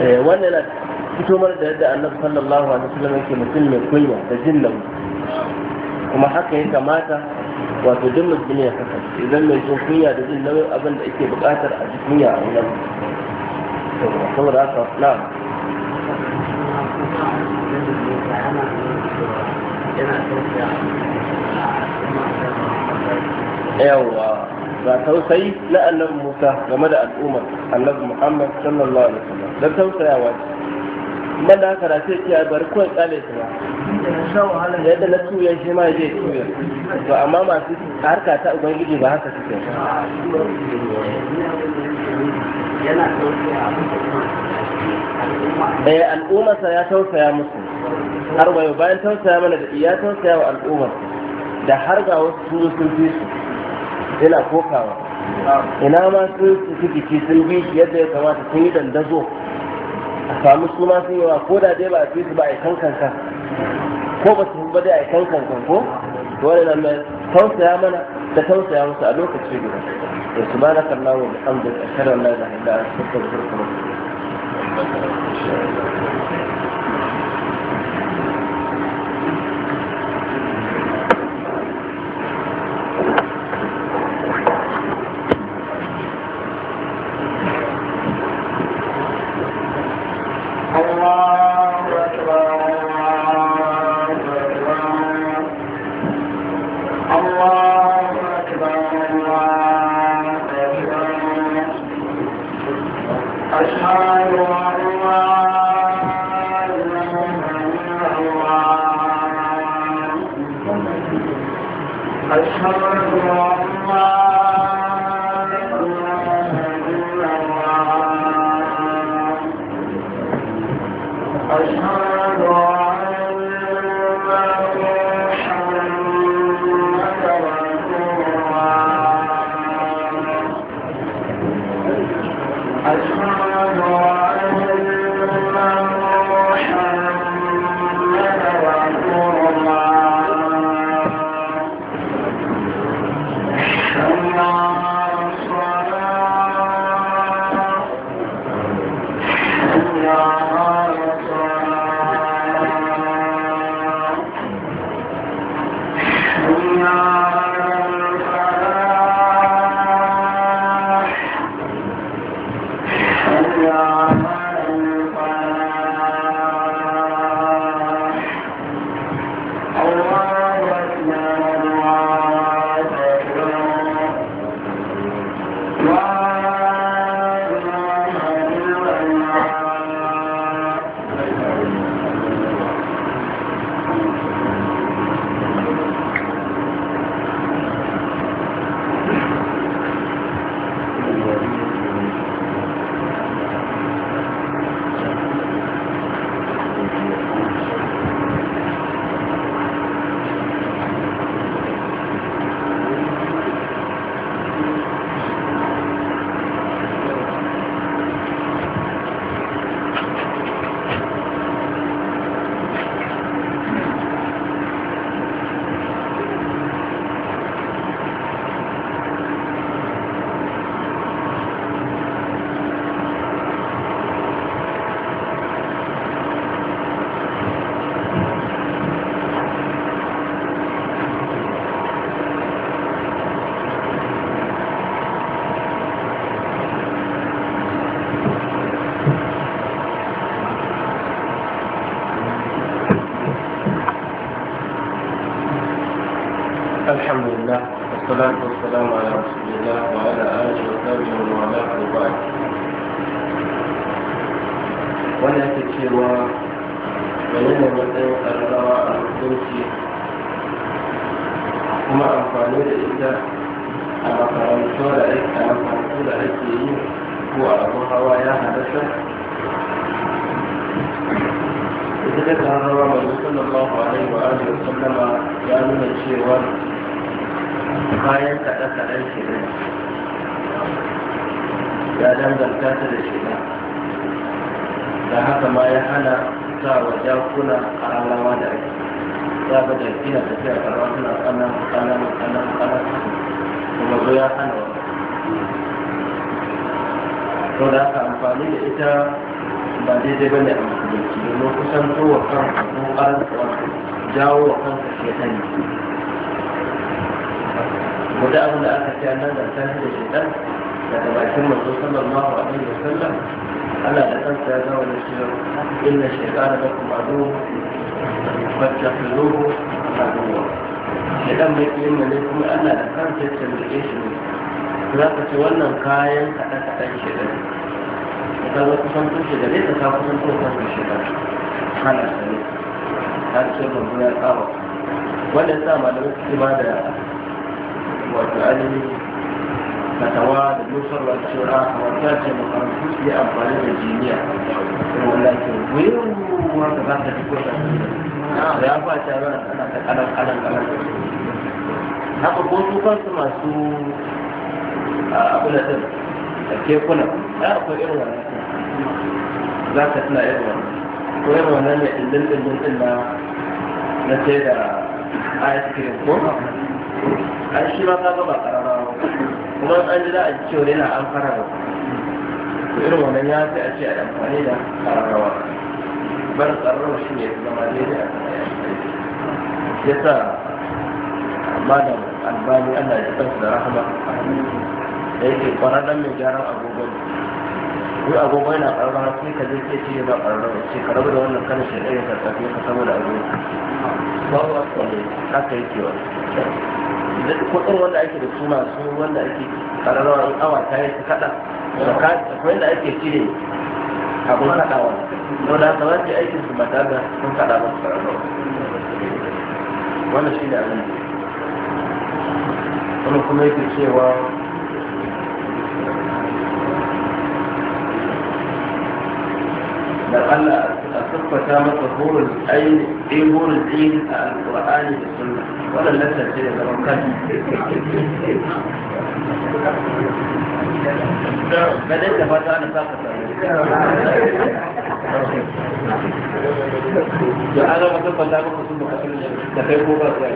eh, wannan yana fito mana da yadda annabi sallallahu alaihi wasallam yake mutum mai kunya da jin launi kuma haka ya kamata wato duk musulmi duniya kasance idan mai jin kunya da jin nauyin abin da ake buƙatar a cikin ya a nan saboda haka na yawa ga tausayi na annabi musa game da al'ummar annabi muhammad sallallahu alaihi wasallam da tausayawa ce man da haka rafi ce bari kawai tsale su ba yadda na tuya shi ma zai tuya to amma masu harka ta ubangiji ba haka suke eh al'ummarsa ya tausaya musu har yau bayan tausaya mana da iya tausaya wa al'ummarsa da har ga wasu sun sun fi su yana kokawa ina ma sun su fi sun bi yadda ya kamata sun yi dandazo a samu suna sun yawa ko da dai ba a fi su ba a yi kankanka ko ba su ba dai a yi kankanka ko wani nan mai tausaya mana da tausaya musu a lokaci guda da su ba na kallon wani an da tsakarar na da hada a cikin kurkuma bayan kaɗe-kaɗen shida ya danganta ta da shida da haka ma ya hana sa wa jakuna a rawa da ake za ka da ina tafiya a rawa suna ƙanan ƙanan ƙanan ƙanan kuma zo ya hana wa to da ka amfani da ita ba daidai ba ne a musulunci domin kusan kowa kan ko ƙarar jawo wa kanka shekaru wani abin da aka ce nan da tashi da shaitan daga bakin manzo sallallahu alaihi wa sallam Allah da kansa ya ga wani cewa inna shaytana lakum adu fattakhiluhu aduwa shaitan mai kiyin ne kuma Allah da kansa ya tambaye shi ne za ka ce wannan kayan kaɗe-kaɗen shaitan ka zo kusan tushe da nesa sa malamai suke da wato ainihin fatawa da nusarwa cewa wata ce makarantu su yi amfani da jiniya wanda ke wuyin wanda za ta fito da ya ba ta yawan ana ta kanan kanan kanan haka ko su kansu masu abin da da kekuna ya akwai irin wannan za ka tuna irin wannan ko irin wannan ne ɗin ɗin ɗin na na sai da ice cream ko an shi ma ka ba karara kuma an ji za a ji cewa yana an fara da ku irin wannan ya sai a ce a amfani da kararrawa bar kararrawa shi ne zama daidai a kan ya sa amma da albani allah ya kansu da rahama da yake kwararren mai gyaran agogon ko agogon yana kararrawa sai ka je ke ce ba kararrawa ce ka rabu da wannan kanin shi ɗaya ka tafi ka saboda agogon ba wa kwallo haka yake wani da wanda ake da su masu wanda ake kararrawa in awa ta yi su kada da ka akwai da ake cire abun kadawa to da ta wace aikin su ba da sun kada ba su kararrawa wannan shi ne abin wani kuma yake cewa da Allah siffata masa horin ayin in horin ayin a alƙur'ani da sunna wannan lantar ce da zaman kan ga dai da fata ana saka sami da an rama siffata maka sun baka sun da kai ko ba zai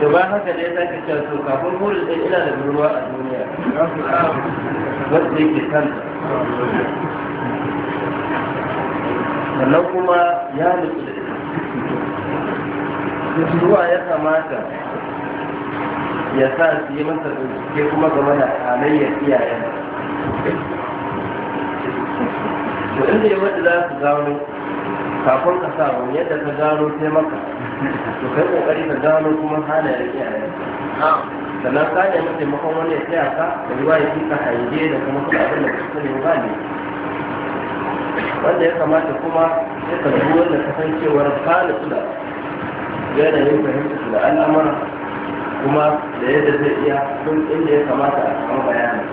da ba haka ne za ka cewa to kafin burin ɗin ina da ruwa a duniya wanda yake kan sannan kuma ya nutsu da ita ruwa ya kamata ya sa su yi masa bincike kuma game da halayyar iyayen to inda ya wanda za su gano kafin ka sa wani yadda ka gano sai maka to kai kokari ka gano kuma ya halayen iyayen sannan ka nemi taimakon wani ya tsaya ka da yiwa ya ka hange da kuma kuma abin da kuka ne ba ne wanda ya kamata kuma ya ka zuwa da kasancewar kana kula yanayin fahimta da al'amura kuma da yadda zai iya duk inda ya kamata a kama bayanin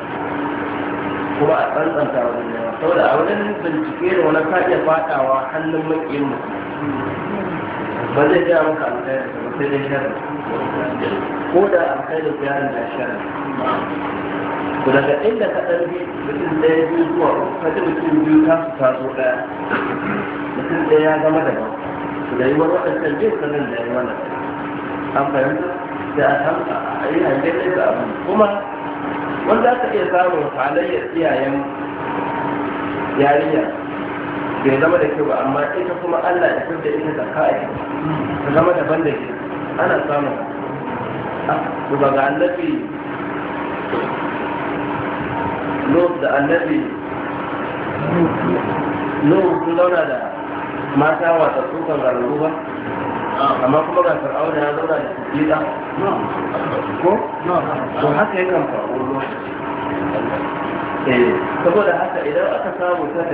kuma a tsantsanta wajen yawa saboda a wajen bincike da wani ka iya fadawa hannun makiyin mutum ba zai gaya maka alkhairin ba sai dai sharri ko da alkhairin ya rinda sharri ku daga inda ka ɗarfi mutum ɗaya biyu zuwa ka ji mutum biyu ta su taso ɗaya mutum ɗaya ya zama daban ku da yi wani waɗancan biyu ka nan da yi wannan an fahimta da a san a yi hange ɗaya ga abin kuma wanda aka iya samun halayyar iyayen yarinya bai zama da kyau ba amma ita kuma Allah ya fitar da ita da a ciki ta zama daban da ke ana samun ku ba ga annabi Lot da annabi Lot sun zauna da mata wasa tsukan garuru ba amma kuma ga da ya zauna da tsira ko ko haka yakan faru lokaci eh, saboda haka idan aka samu da.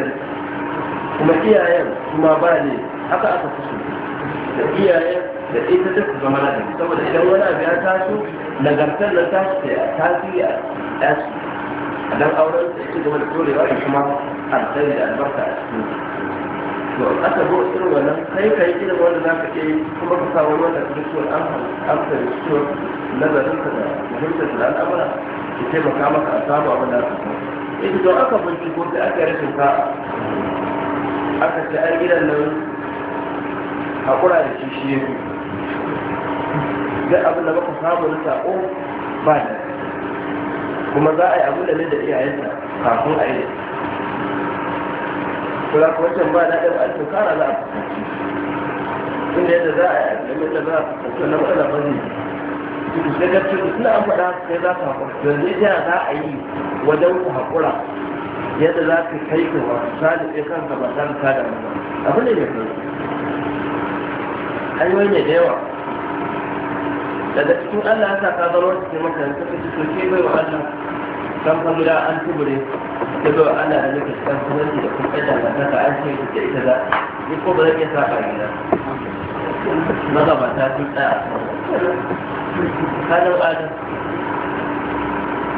kuma iyayen kuma ba ne haka aka fi da iyayen da ita duk zama na ɗari saboda idan wani abu ya taso nagartar na tashi ta tasiri a ɗaci a dan auren da ita gaba da ɗorewa da kuma alkhairi da albarka a cikin to aka zo irin wannan kai yi gina wanda za ka yi kuma ka kawo wanda ka an amsa rikiyar nazarin ka da muhimmanci da al'amura ki taimaka maka a samu abin da aka so eh, ita don aka binciko sai aka yi rashin ka'a aka ta an gidan nan haƙura da shi shi yake zai abin da baka samun na saƙo ba da kuma za a yi abin da ne da iyayenta kafin a yi kula ko wancan ba na ɗan ba kara za a fuskanci inda yadda za a yi abin da za a fuskanci na matsala ba ne cikin sai ga cikin suna an faɗa sai za su haƙura yanzu ya za a yi wajen ku haƙura yadda za ka kai ka wa salibe kanka ba san ka da abu ne mai kai hanyoyi ne da yawa daga cikin Allah ya sa ka zama wata ce maka yanzu kake so ke bai wa Allah kan fa gida an tubure ke bai wa Allah da nake kan sanarci da kuma kada ta ka an ce da ita za ni ko ba zan iya saba gida magabata sun tsaya a kan kanar adam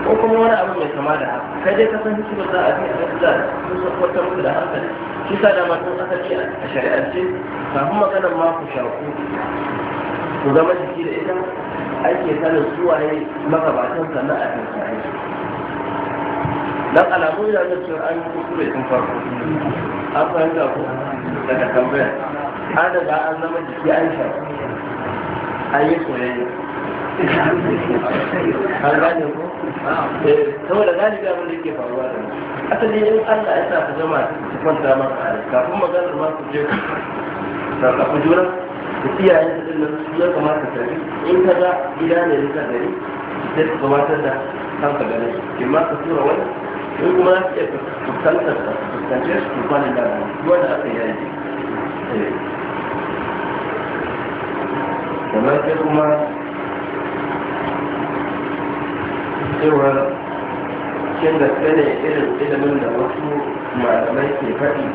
ko kuma wani abu mai kama da haka kai dai ka san hikimar za a biya wasu da sun san kwata da hankali shi sa da matan asali a shari'ance kafin maganar ma ku shaku ku zama jiki da ita ake sanin suwaye magabatan sannan a tantaye su dan alamu ya da cewa an yi kuskure tun farko an fahimta ko daga tambaya an daga an zama jiki an shaku an yi soyayya an gane ko saboda galibi abin da yake faruwa da asali in Allah ya sa ku zama ku kwanta maka kafin maganar ma ku je ku juna ku iyayen su dinnan su ya kamata yi in ka ga gida ne ka gari sai ku gabatar da kanka ganin in ma ka tura wani in kuma za su iya fuskantar ka su kwanan da wanda aka yi kamar eh. sai kuma cewar shin da ne irin ilimin da wasu malamai ke faɗi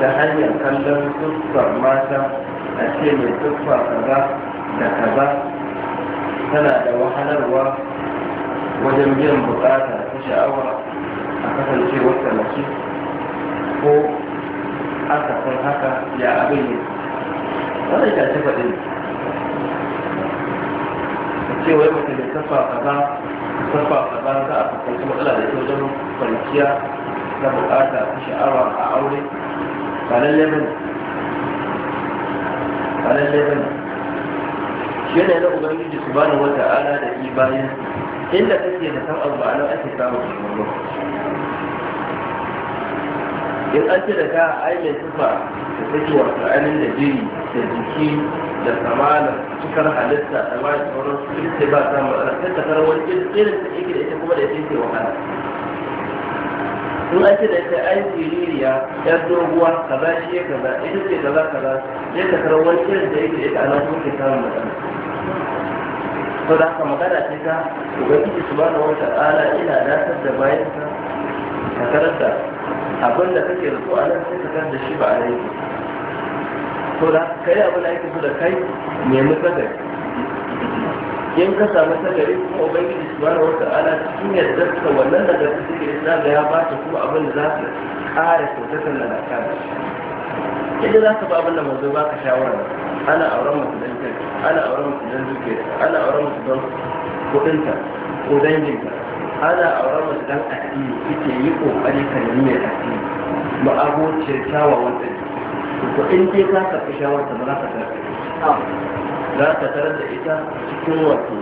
ta hanyar kallon tuffar mata a ce mai tuffa kaza da kaza tana da wahalarwa wajen biyan bukata ta sha'awa a wata talaki ko aka san haka ya abin ne wannan ta ce faɗin cewa wai mutum da kafa kaza kafa kaza za a fuskanci matsala da ke wajen kwanciya na bukata ta sha'awa a aure ba nan ba ne ba nan lebe ne shi ne na ubangiji su bani wata ala da yi bayan inda kake da san abu ba nan ake samun shugaba in an ce da ka ai mai tufa da take wata ainihin da jiri da jiki da kamala cikar halitta da ma sauran su ita ba ta matsala sai ta karar wani irin ta ake da ita kuma da ita ke wahala in ake da ita ai siririya yar doguwa kaza shi ya kaza ita ce kaza kaza sai ta karar wani irin ta ake da ita a nan kuma ke samun matsala sau da haka magana ce ta ubangiji su ba da wata ala ina datar da bayan ta karar da abinda kake da su a sai ka da shi ba a rai to da ka yi abin da ake so da kai nemi sadari in ka samu sadari kuma ubangiji subhanahu wa ana cikin yadda ka wannan da cikin suke da ya ba ta kuma abin da za ka ƙara kyautatan da na kare Idan za ka ba abin da manzo ba ka shawara ana auren mutu don kai ana auren mutu don duke ana auren mutu don kuɗinta ko ka, ana auren mutu don addini ita yi ƙoƙari ka nemi mai addini ma'abocin kyawawan wanda to in dai ka karɓi shawarta ba za ka tarar za ka tarar da ita cikin wato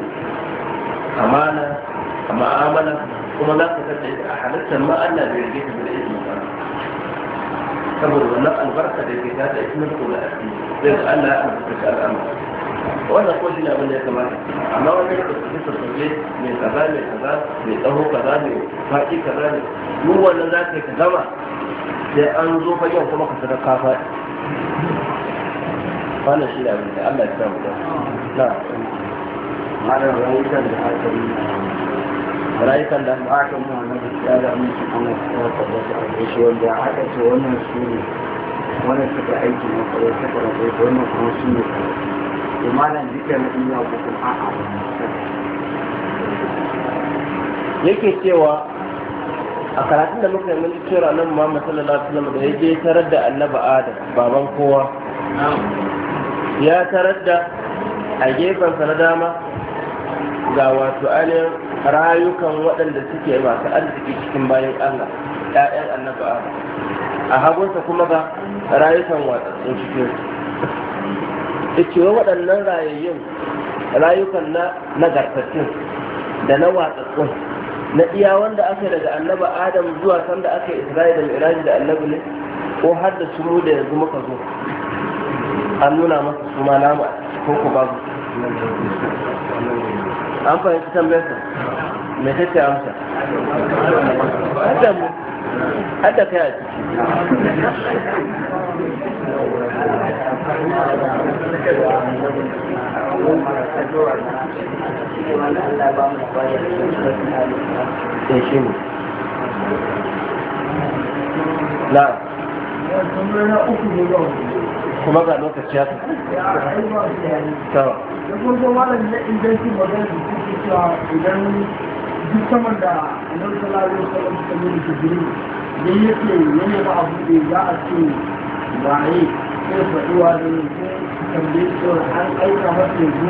amana a ma'amala kuma za ka tarar da ita a halittar ma Allah bai rage ta da izinin ba saboda wannan albarka da ke ta da ismin ko da aski zai da Allah ya albarka ta al'amari wannan ko shi ne abin da ya kamata amma wani da su fita sauye mai kaza mai kaza mai tsaho kaza mai faɗi kaza ne mu wannan za ka yi ka gama sai an zo fagen kuma ka sadaka faɗi wannan shi da abin da Allah ya samu da na malam rayukan da aka yi rayukan da aka mu na gaskiya da mun ci kuma ta tabbata a shi wanda aka ce wannan su ne wannan suka aiki na kwarai suka rabai wannan kuma su ne kwarai malam dukkan na iya ko kuma a'a yake cewa a karatun da muka yi mun cewa nan Muhammad sallallahu alaihi wasallam da ya je tarar da Annabi Adam baban kowa ya tarar da a sa na dama ga wato ainihin rayukan waɗanda suke masu arziki cikin bayan Allah ‘ya'yan Annabi Adam a hagunsa kuma ga rayukan watsatsun cikin da cewa waɗannan rayayyun rayukan na nagartattun da na watsatsun na iya wanda aka daga annaba adam zuwa sanda aka yi isra'i da mi'raji da annabi ne ko har da su da yanzu muka zo an nuna masa su ma nama ko ku su an fahimci tambayarsa me take amsa adam hadda kai a ciki na kuma ga lokaci ya ta duk saman da annabi sallallahu alaihi wasallam suka nuna jibril da yake ba abu da a ce waye sai faɗuwa da yi tambayi cewar an aika masa yanzu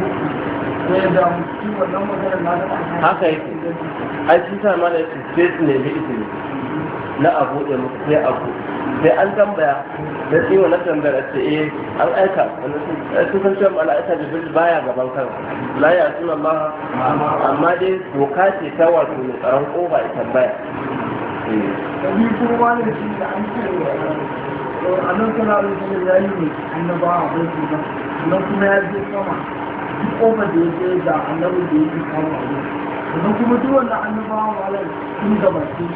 Sai da damu shi wannan maganar na da haka yake ai sun sa mana yake sai su nemi izini na abu da muku sai abu sai an tambaya da shi na tambayar ce eh an aika eh, sun san cewa mala'ika da bil baya gaban kan la ya suna ma amma dai doka ce ta wato tsaron kofa ya tambaya. Eh. Ni kuma ne shi da an ce ممكن أقول للعلم أن بعض ممكن يجي طمع أوبا دي يجي النبي دي يجي طمع ممكن تقول أن بعض على كل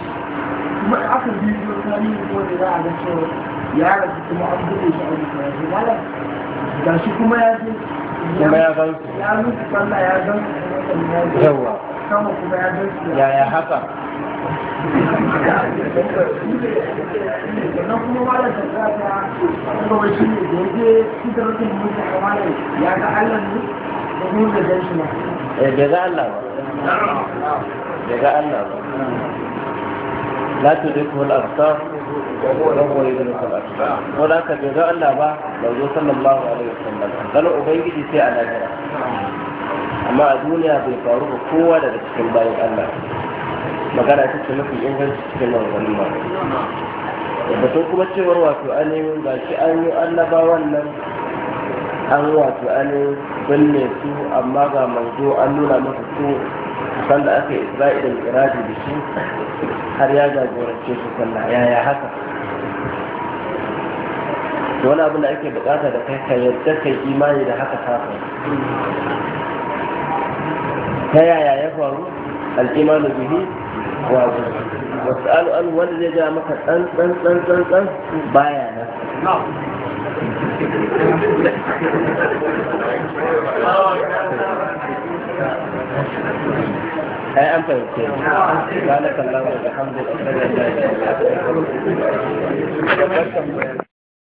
kuma da aka bi ko tani ko da za a ga cewa ya rasu kuma an bude shi a wuta ya wala ga shi kuma ya ce kuma ya gan ya mutu sallah ya gan yawa kama kuma ya gan ya ya haka sannan kuma malam da ga allah ne eh, bai ga allah ba ko da ka bai ga allah ba zo ubangiji sai a lahira amma a duniya bai faru ba kowa daga cikin bayan allah magana ta ce mafi inganci cikin maganganun ba batun kuma cewar wato an yi ba shi an yi annabawan nan an wato an yi binne su amma ga manzo an nuna masa su sanda aka yi isra'ilin iradi da shi har ya jagorance su sallah yaya haka wani abin da ake bukata da kai ka yadda kai imani da haka ta ta yaya ya faru al'imanu bihi wato wasu al'alu wanda zai ja maka ɗan ɗan ɗan ɗan ɗan baya nan ai an fahimce ba na kallon da hamdu da